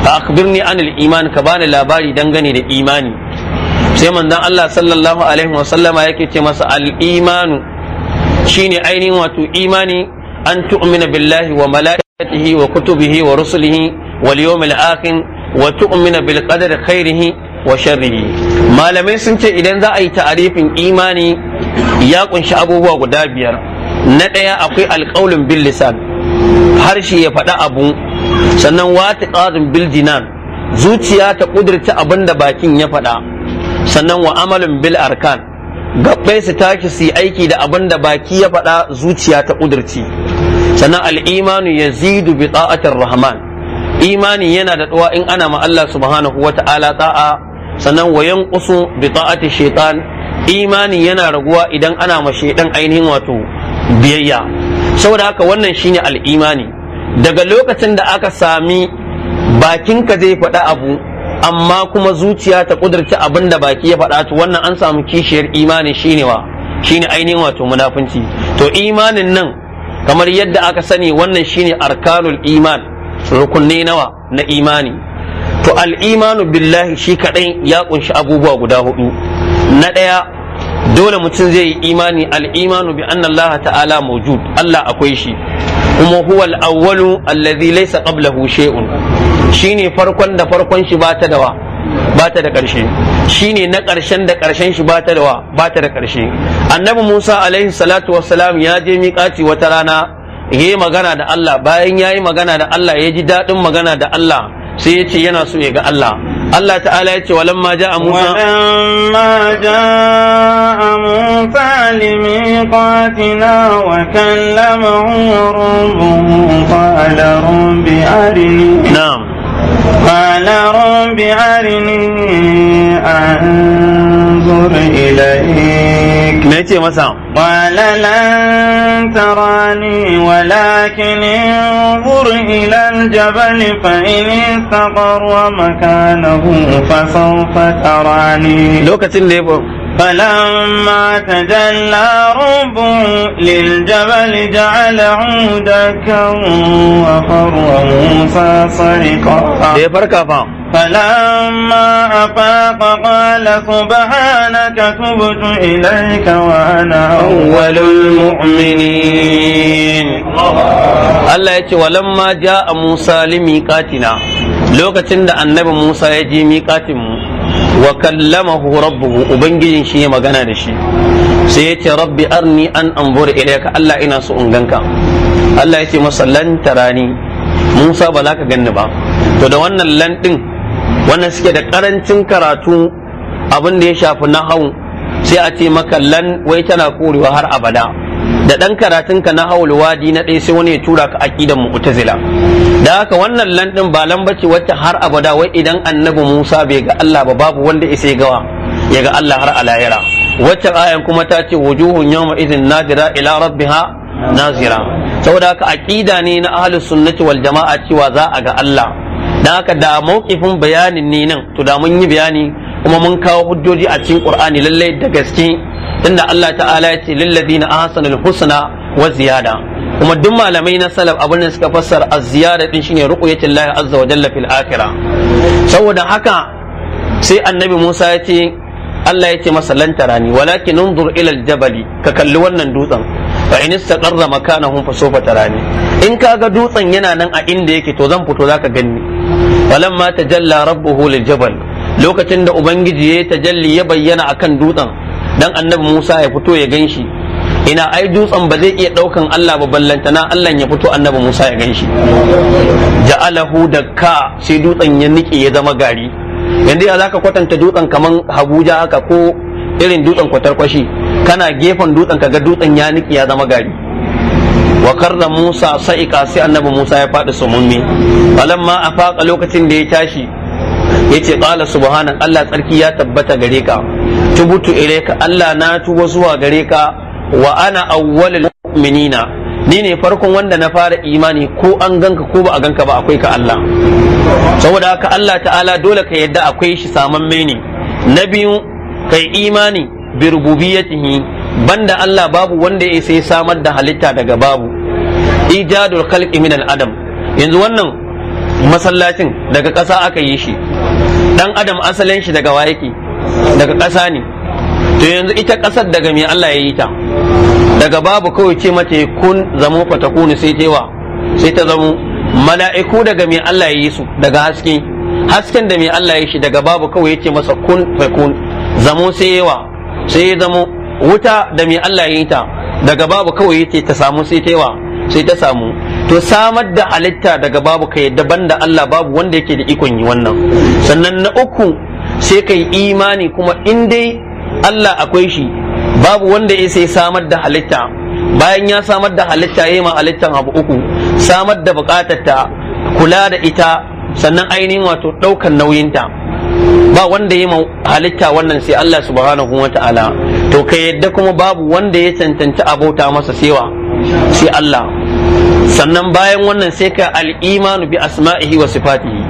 fa akhbirni anil iman ka bani labari dangane da imani sai manzon Allah sallallahu alaihi wa sallama yake ce masa al imanu shine ainihin wato imani an tu'mina billahi wa malaikatihi wa kutubihi wa rusulihi wal yawmil akhir wa tu'mina bil qadari khairihi wa sharrihi malamai sun ce idan za a yi ta'arifin imani ya kunshi abubuwa guda biyar na ɗaya akwai alƙaulin bil lisan harshe ya faɗa abu sannan wati ƙazin bil dinan zuciya ta ƙudurci abin da bakin ya faɗa sannan wa amalin bil arkan gabbai su tashi su yi aiki da abin da baki ya faɗa zuciya ta ƙudurci sannan al'imanu ya zidu bi ta'atar rahman imani yana da dawa in ana ma Allah subhanahu wata'ala ta'a sannan wayan kusu bi ta'ati shaitan imani yana raguwa idan ana ma shaitan ainihin wato biyayya saboda haka wannan shine al'imani daga lokacin da aka sami bakin ka zai faɗa abu amma kuma zuciya ta kudurci abinda baki ya faɗa to wannan an samu kishiyar imani shine wa shine ainihin wato munafunci to imanin nan kamar yadda aka sani wannan shine arkanul iman rukunni nawa na imani to al'imanu billahi shi kaɗai ya ƙunshi abubuwa guda hudu na ɗaya dole mutum zai yi imani al'imanu bi anna Allah ta'ala mawjud Allah akwai shi kuma huwa al-awwalu alladhi laysa qablahu shay'un shine farkon da farkon shi bata dawa wa bata da ƙarshe shine na ƙarshen da ƙarshen shi bata dawa wa bata da ƙarshe annabi Musa alaihi salatu wassalam ya je miƙati wata rana yayi magana da Allah bayan ya yi magana da Allah ya ji daɗin magana da Allah sai ya ce yana so ya ga Allah Allah ta'ala ya ce walamma ja'a Musa walamma ja'a Musa limiqatina wa kallamahu rabbuhu qala rabbi arini na'am qala rabbi arini انظر إليك ميتي مساء قال لن تراني ولكن انظر إلى الجبل فإن استقر مكانه فسوف تراني لوكتين ليبو فلما تجلى ربه للجبل جعل عودك وخر موسى صرقا فلما أفاق قال سبحانك تبت إليك وأنا أول المؤمنين الله يتي ولما جاء موسى لميقاتنا لوكتن أن النبي موسى يجي ميقاتنا wa kallamahu rabbuhu ubangijin shi ya magana da shi sai ya ce rabbi arni an anzur ilayka Allah ina so in ganka Allah ya ce masa lan tarani Musa ba za ka ganni ba to da wannan lan din wannan suke da karancin karatu abin da ya shafi nahawu sai a ce maka lan wai tana korewa har abada da ɗan karatunka na haul wadi na ɗaya sai wani ya tura ka aƙidan mu'tazila da haka wannan landin ba lamba ce wacce har abada wai idan annabi Musa bai ga Allah ba babu wanda isa gawa ya ga Allah har alayira wacce ayan kuma ta ce wujuhun yawma idin nadira ila rabbiha nazira saboda haka aƙida ne na ahlus sunnati wal jama'a cewa za a ga Allah da haka da mawqifin bayanin ne nan to da mun yi bayani kuma mun kawo hujjoji a cikin Qur'ani lallai da gaske tunda Allah ta'ala ya ce lillazina ahsanul husna wa ziyada kuma duk malamai na salaf abin da suka fassara az-ziyada din shine ruqyatul lahi azza wa jalla fil saboda haka sai annabi Musa ya ce Allah ya ce masa lantara tarani walakin unzur ila jabali ka kalli wannan dutsen fa in istaqarra makanahum fa sawfa tarani in kaga dutsen yana nan a inda yake to zan fito zaka ganni falamma tajalla rabbuhu lil jabal lokacin da ubangiji ya tajalli ya bayyana akan dutsen dan annabi Musa ya fito ya ganshi ina ai dutsen ba zai iya daukan Allah ba na Allah ya fito annabi Musa ya ganshi ja'alahu dakka sai dutsen ya nike ya zama gari yanzu ya zaka kwatanta dutsen kaman Habuja haka ko irin dutsen kwatarkwashi kana gefen dutsen kaga dutsen ya nike ya zama gari wa karra Musa sa'ika sai annabi Musa ya faɗi sumummi a afaqa lokacin da ya tashi yace qala subhanan Allah tsarki ya tabbata gare ka tubutu ilayka Allah na tuba zuwa gare ka wa ana awwalul mu'minina ni ne farkon wanda na fara imani ko an ganka ko ba a ganka ba akwai ka Allah saboda haka Allah ta'ala dole ka yadda akwai shi saman ne na biyu kai imani bi rububiyyatihi banda Allah babu wanda ya sai samar da halitta daga babu ijadul khalqi min adam yanzu wannan masallacin daga ƙasa aka yi shi dan adam asalin shi daga wa yake daga ƙasa ne to yanzu ita ƙasar daga me Allah ya yi ta daga babu kawai ce mace kun zamo fatakuni sai tewa sai ta zamo mala'iku daga me Allah ya yi su daga haske hasken da me Allah ya shi daga babu kawai ce masa kun fakun zamo sai yawa sai ya zamo wuta da me Allah ya yi ta daga babu kawai ce ta samu sai tewa sai ta samu to samar da halitta daga babu kai daban da Allah babu wanda yake da ikon yi wannan sannan na uku sai kai imani kuma in dai Allah akwai shi babu wanda ya sai samar da halitta bayan ya samar da halitta ya yi ma halittan abu uku samar da bukatarta kula da ita sannan ainihin wato ɗaukan nauyinta ba wanda ya ma halitta wannan sai Allah subhanahu wa ta'ala to ka yadda kuma babu wanda ya cancanci abota masa sewa sai Allah sannan bayan wannan sai ka al'imanu bi asma'ihi wa sifatihi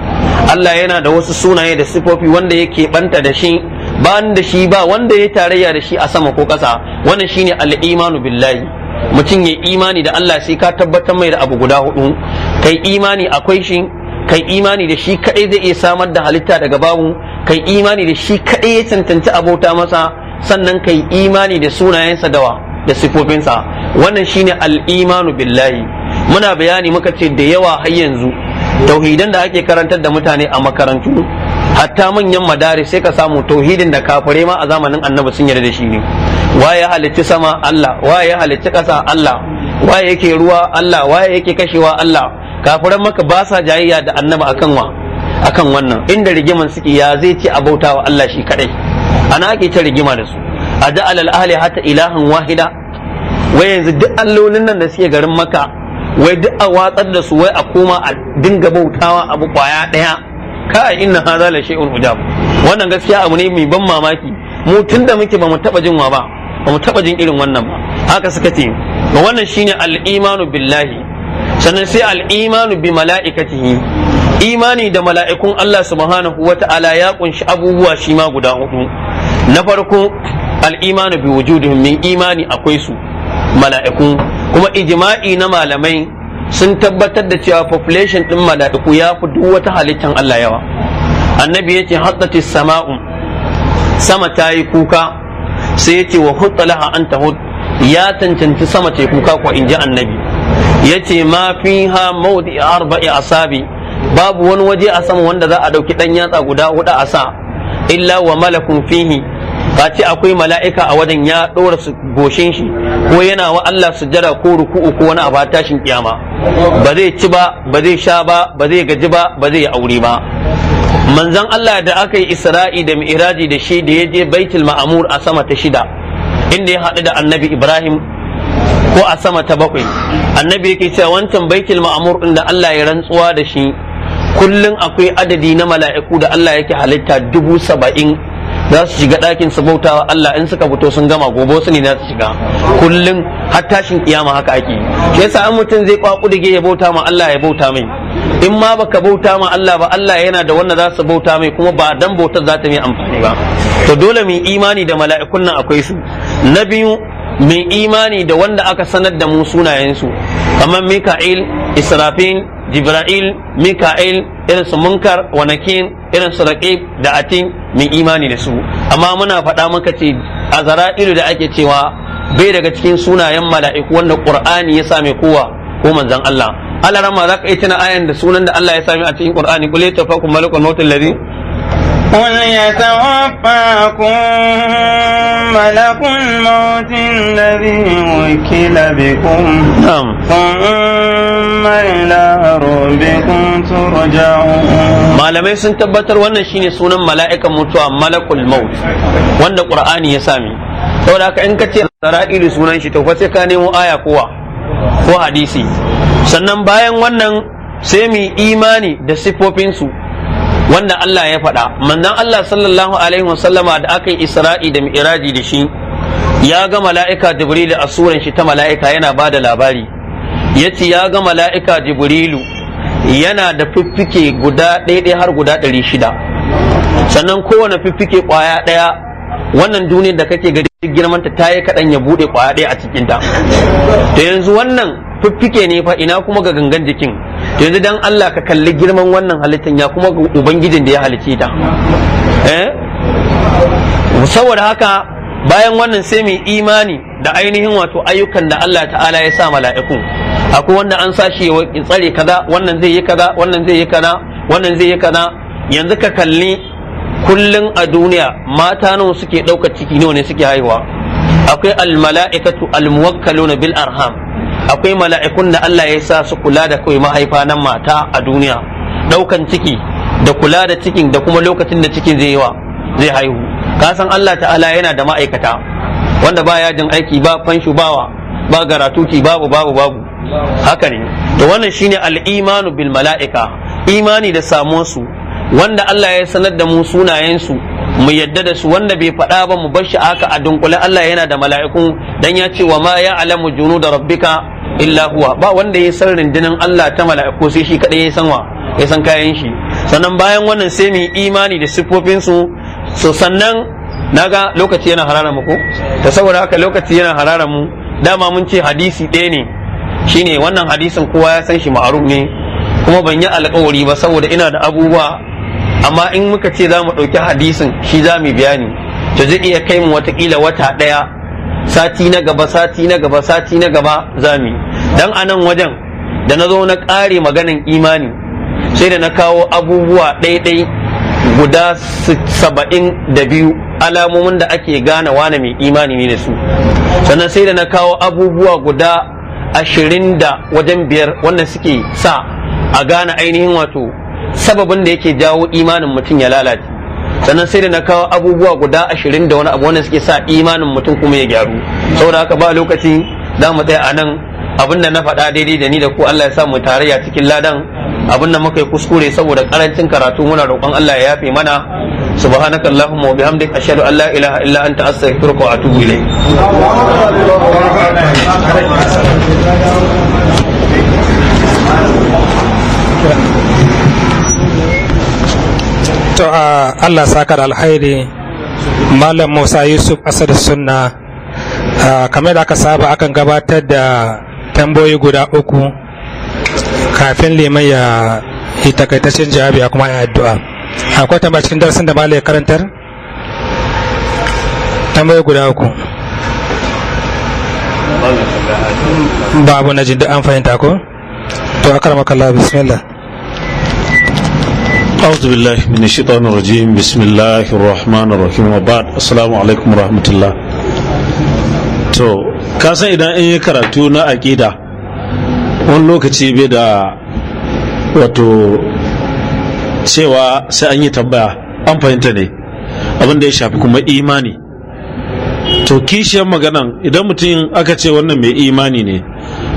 Allah yana da wasu sunaye da sifofi wanda yake banta da shi ba da shi ba wanda ya tarayya da shi a sama ko ƙasa wannan shine al-imanu billahi mutum ya imani da Allah sai ka tabbatar mai da abu guda hudu kai imani akwai shi kai imani da shi kadai zai iya samar da halitta daga babu kai imani da shi kadai ya cancanci abota masa sannan kai imani da sunayensa dawa da sifofinsa wannan shine al-imanu billahi muna bayani muka ce da yawa har yanzu Tauhidin da ake karantar da mutane a makarantu hatta manyan madari sai ka samu tauhidin da kafure ma a zamanin annabi sun yarda da shi ne waye halitti sama Allah waye halitti ƙasa Allah waye yake ruwa Allah waye yake kashewa Allah kafiran maka ba sa jayayya da annabi akan wa akan wannan inda rigiman suke ya zai ci a abautawa Allah shi kadai ana ake ta rigima da su a ja'al al ahli hatta ilahan wahida wai yanzu duk allolin nan da suke garin maka wai duk a watsar da su wai a koma a dinga bautawa abu kwaya daya kai inna hadha la shay'un ujab wannan gaskiya abu ne mai ban mamaki mu tunda muke bamu taba jin ba taba jin irin wannan ba haka suka ce ba wannan shine al-imanu billahi sannan sai al-imanu bi mala'ikatihi imani da mala'ikun Allah subhanahu wa ta'ala ya kunshi abubuwa shi ma guda hudu na farko al'imanu bi wujudihim min imani akwai su mala'iku kuma ijma'i na malamai sun tabbatar da cewa population din mala'iku ya fi duk wata halittar Allah yawa annabi yace haddati sama'u sama ta yi kuka sai yace wa hutalaha an tahud ya tantanci sama ce kuka ko inji annabi yace ma fiha maudi arba'i asabi babu wani waje a sama wanda za a ɗauki ɗan yatsa guda hudu a sa illa wa malakun fihi ce akwai mala'ika a wajen ya ɗora su goshin shi ko yana wa Allah su jara ko ruku'u ko wani abu tashin kiyama ba zai ci ba ba zai sha ba ba zai gaji ba ba zai aure ba manzon Allah da aka yi Isra'i da Mi'raji da shi da ya je Baitul ma'amur a sama ta shida inda ya haɗu da Annabi Ibrahim ko a sama ta bakwai annabi yake cewa wancan baitul ma'amur inda da Allah ya rantsuwa da shi kullum akwai adadi na mala'iku da Allah yake halitta dubu saba'in za su shiga ɗakin su bautawa Allah in suka fito sun gama gobe su ne za su shiga kullum har tashin kiyama haka ake shi yasa an mutum zai kwakudige ya bauta ma Allah ya bauta mai in ma baka bauta ma Allah ba Allah yana da wanda za su bauta mai kuma ba dan bautar za ta mai amfani ba to dole mu imani da mala'ikun nan akwai su na biyu mai imani da wanda aka sanar da mu sunayensu kamar mika'il israfil jibra'il mika'il irin munkar Wanakin, irinsu irin raqib da atin mai imani da su amma muna faɗa maka ce ilu da ake cewa bai daga cikin sunayen mala'iku wanda qur'ani ya same kowa ko manzon Allah Allah rama ka yi tuna ayan da sunan da Allah ya sami a cikin Qur'ani qul yatafakum malikul قل يتوفاكم ملك الموت الذي وكل بكم ثم إلى ربكم ترجعون malamai sun tabbatar wannan shine sunan mala'ikan mutuwa malakul maut wanda qur'ani ya sami saboda haka in kace ce sunan shi to fa sai ka nemo aya kowa ko hadisi sannan bayan wannan sai mu imani da siffofinsu wanda Allah ya faɗa manzon Allah sallallahu alaihi wasallama da aka yi Isra'i da Mi'raji da shi ya ga mala'ika Jibrilu a suran shi ta mala'ika yana ba da labari yace ya ga mala'ika Jibrilu yana da fiffike guda ɗaya har guda ɗari shida sannan kowane fiffike ƙwaya ɗaya wannan duniyar da kake gari girman ta tayi kaɗan ya bude kwaya ɗaya a cikin ta to yanzu wannan fiffike ne fa ina kuma ga gangan jikin to yanzu dan Allah ka kalli girman wannan halittar ya kuma ubangijin da ya halicce ta eh saboda haka bayan wannan sai mai imani da ainihin wato ayyukan da Allah ta'ala ya sa mala'iku akwai wanda an sashi ya tsare kaza wannan zai yi kaza wannan zai yi kaza wannan zai yi kaza yanzu ka kalli kullum a duniya mata nawa suke ɗaukar ciki nawa ne suke haihuwa akwai almala'ikatu na bil arham akwai mala'ikun da Allah ya sa su kula da kai mahaifa nan mata a duniya ɗaukan ciki da kula da cikin da kuma lokacin da cikin zai yiwa zai haihu ka san Allah ta'ala yana da ma'aikata wanda ba yajin aiki ba fanshu bawa ba garatuti babu babu babu haka ne to wannan shine al-imanu bil mala'ika imani da samuwarsu wanda Allah ya sanar da mu sunayensu mu yadda da su wanda bai faɗa ba mu bar bashi aka a dunkule Allah yana da mala'iku dan ya ce wa ma ya alamu junu da rabbika illa huwa ba wanda ya san rundunar Allah ta mala'iku sai shi kadai ya san ya san kayan shi sannan bayan wannan sai mu imani da sifofin su so sannan naga lokaci yana harara mu ko ta saboda haka lokaci yana harara mu dama mun ce hadisi ɗaya ne shine wannan hadisin kowa ya san shi maruf ne kuma ban yi alƙawari ba saboda ina da abubuwa amma in muka ce za mu ɗauki hadisin shi za mu bayani to zai iya kai mu watakila wata ɗaya sati na gaba sati na gaba sati na gaba za mu dan anan wajen da na zo na ƙare maganin imani sai da na kawo abubuwa ɗaiɗai guda saba'in da biyu alamomin da ake gane wane mai imani ne da su sannan sai da na kawo abubuwa guda ashirin da wajen biyar wannan suke sa a gane ainihin wato sababin da yake jawo imanin mutum ya lalace sannan sai da na kawo abubuwa guda ashirin da wani abu wanda suke sa imanin mutum kuma ya gyaru saboda haka ba lokaci za mu tsaya a nan abin da na faɗa daidai da ni da ku Allah ya sa mu tarayya cikin ladan abin da muka yi kuskure saboda karancin karatu muna roƙon Allah ya yafe mana subhanakallahumma wa bihamdika ashhadu an la ilaha illa anta astaghfiruka wa a to a Allah saka da alkhairi malam Musa Yusuf Asad Sunna kamar da aka saba akan gabatar da tamboyi guda uku kafin liman ya yi takaitaccen jawabi a kuma ya addu'a akwai tambaya cikin darasin da malam ya karantar tambayoyi guda uku babu na jin an fahimta ko to akramaka Allah bismillah أعوذ بالله من الشيطان الرجيم بسم الله الرحمن الرحيم وبعد السلام عليكم ورحمة الله to kasan idan in yi karatu na aƙida wani lokaci bai da wato cewa sai an yi tambaya an fahimta ne abin da ya shafi kuma imani to kishiyar maganan idan mutum aka ce wannan mai imani ne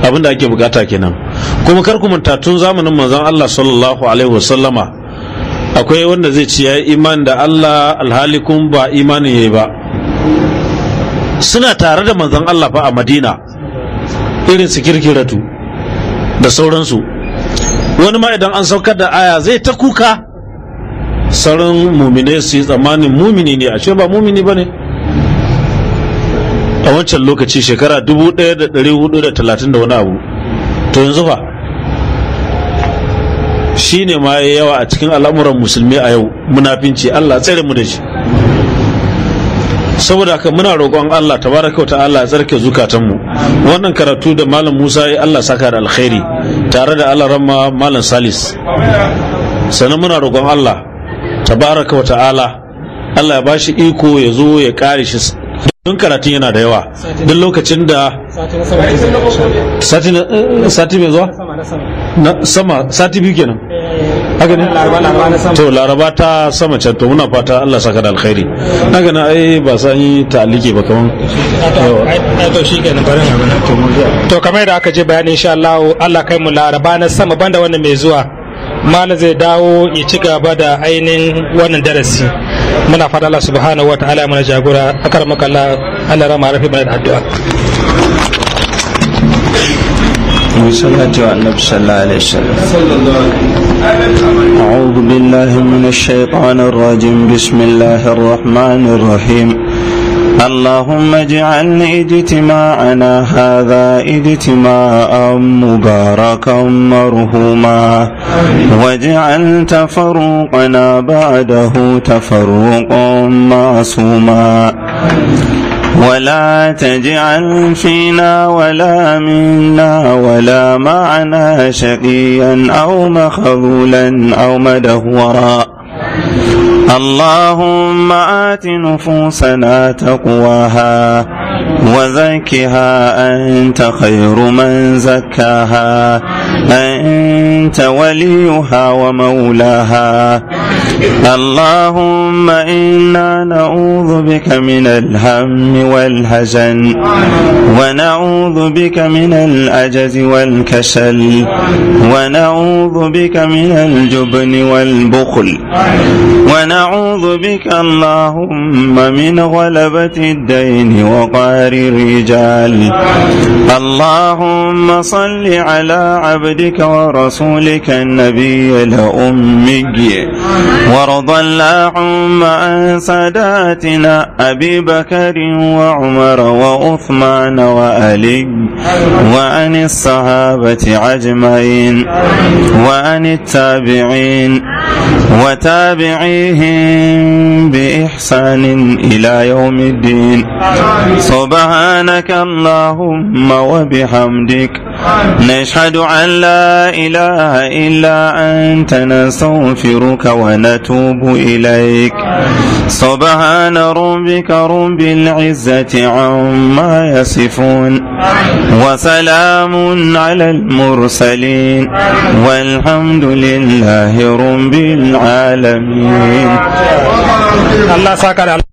abin da ake bukata kenan kuma kar ku manta tun zamanin manzon Allah sallallahu alaihi wasallama akwai wanda zai ci ya iman da Allah alhali ba imanin yayi ba suna tare da manzon Allah fa a Madina irin su kirkiratu da sauransu wani ma idan an saukar da aya zai ta kuka sauran mumine su yi tsammanin mumini ne a ce ba mumini ba ne a wancan lokaci shekara 1430 da wani abu to yanzu fa Shi ma ya yawa a cikin al'amuran musulmi a yau munafinci Allah tsere mu da shi saboda haka muna roƙon Allah tabaraka ta'ala tsarke zukatan mu wannan karatu da malam Musa ya Allah saka da alkhairi tare da Allah ramma malam Salis sannan muna roƙon Allah tabaraka ta'ala Allah ya bashi iko ya zo ya kare shi don karatun yana da yawa duk lokacin da sati eh, eh, mai zuwa na sama sati biyu kenan eh, haka ne to laraba ta sama can to muna fata Allah saka da alkhairi na ai ba sa yi ta'alike ba kaman ah, to shi kenan barin to kamar da aka je bayani insha Allah Allah kai mu laraba na sama banda wannan mai zuwa mala zai dawo ya ci gaba da ainihin wannan darasi muna fata Allah subhanahu wa ta'ala muna jagora akar makalla Allah rama rafi mana da addu'a من سنة النبي صلى الله عليه وسلم أعوذ بالله من الشيطان الرجيم بسم الله الرحمن الرحيم اللهم اجعل اجتماعنا هذا اجتماعا مباركا مرحوما واجعل تفرقنا بعده تفرقا معصوما ولا تجعل فينا ولا منا ولا معنا شقيا او مخذولا او مدهورا اللهم آت نفوسنا تقواها وزكها أنت خير من زكاها أنت وليها ومولاها اللهم إنا نعوذ بك من الهم والهجن ونعوذ بك من الأجز والكسل ونعوذ بك من الجبن والبخل ونعوذ بك اللهم من غلبة الدين وقال كبار الرجال اللهم صل على عبدك ورسولك النبي الأمي وارض اللهم عن ساداتنا أبي بكر وعمر وعثمان وألي وعن الصحابة أجمعين وعن التابعين وتابعيهم بإحسان إلى يوم الدين سبحانك اللهم وبحمدك نشهد أن لا إله إلا أنت نستغفرك ونتوب إليك سبحان ربك رب العزة عما يصفون وسلام على المرسلين والحمد لله رب العالمين الله ساكر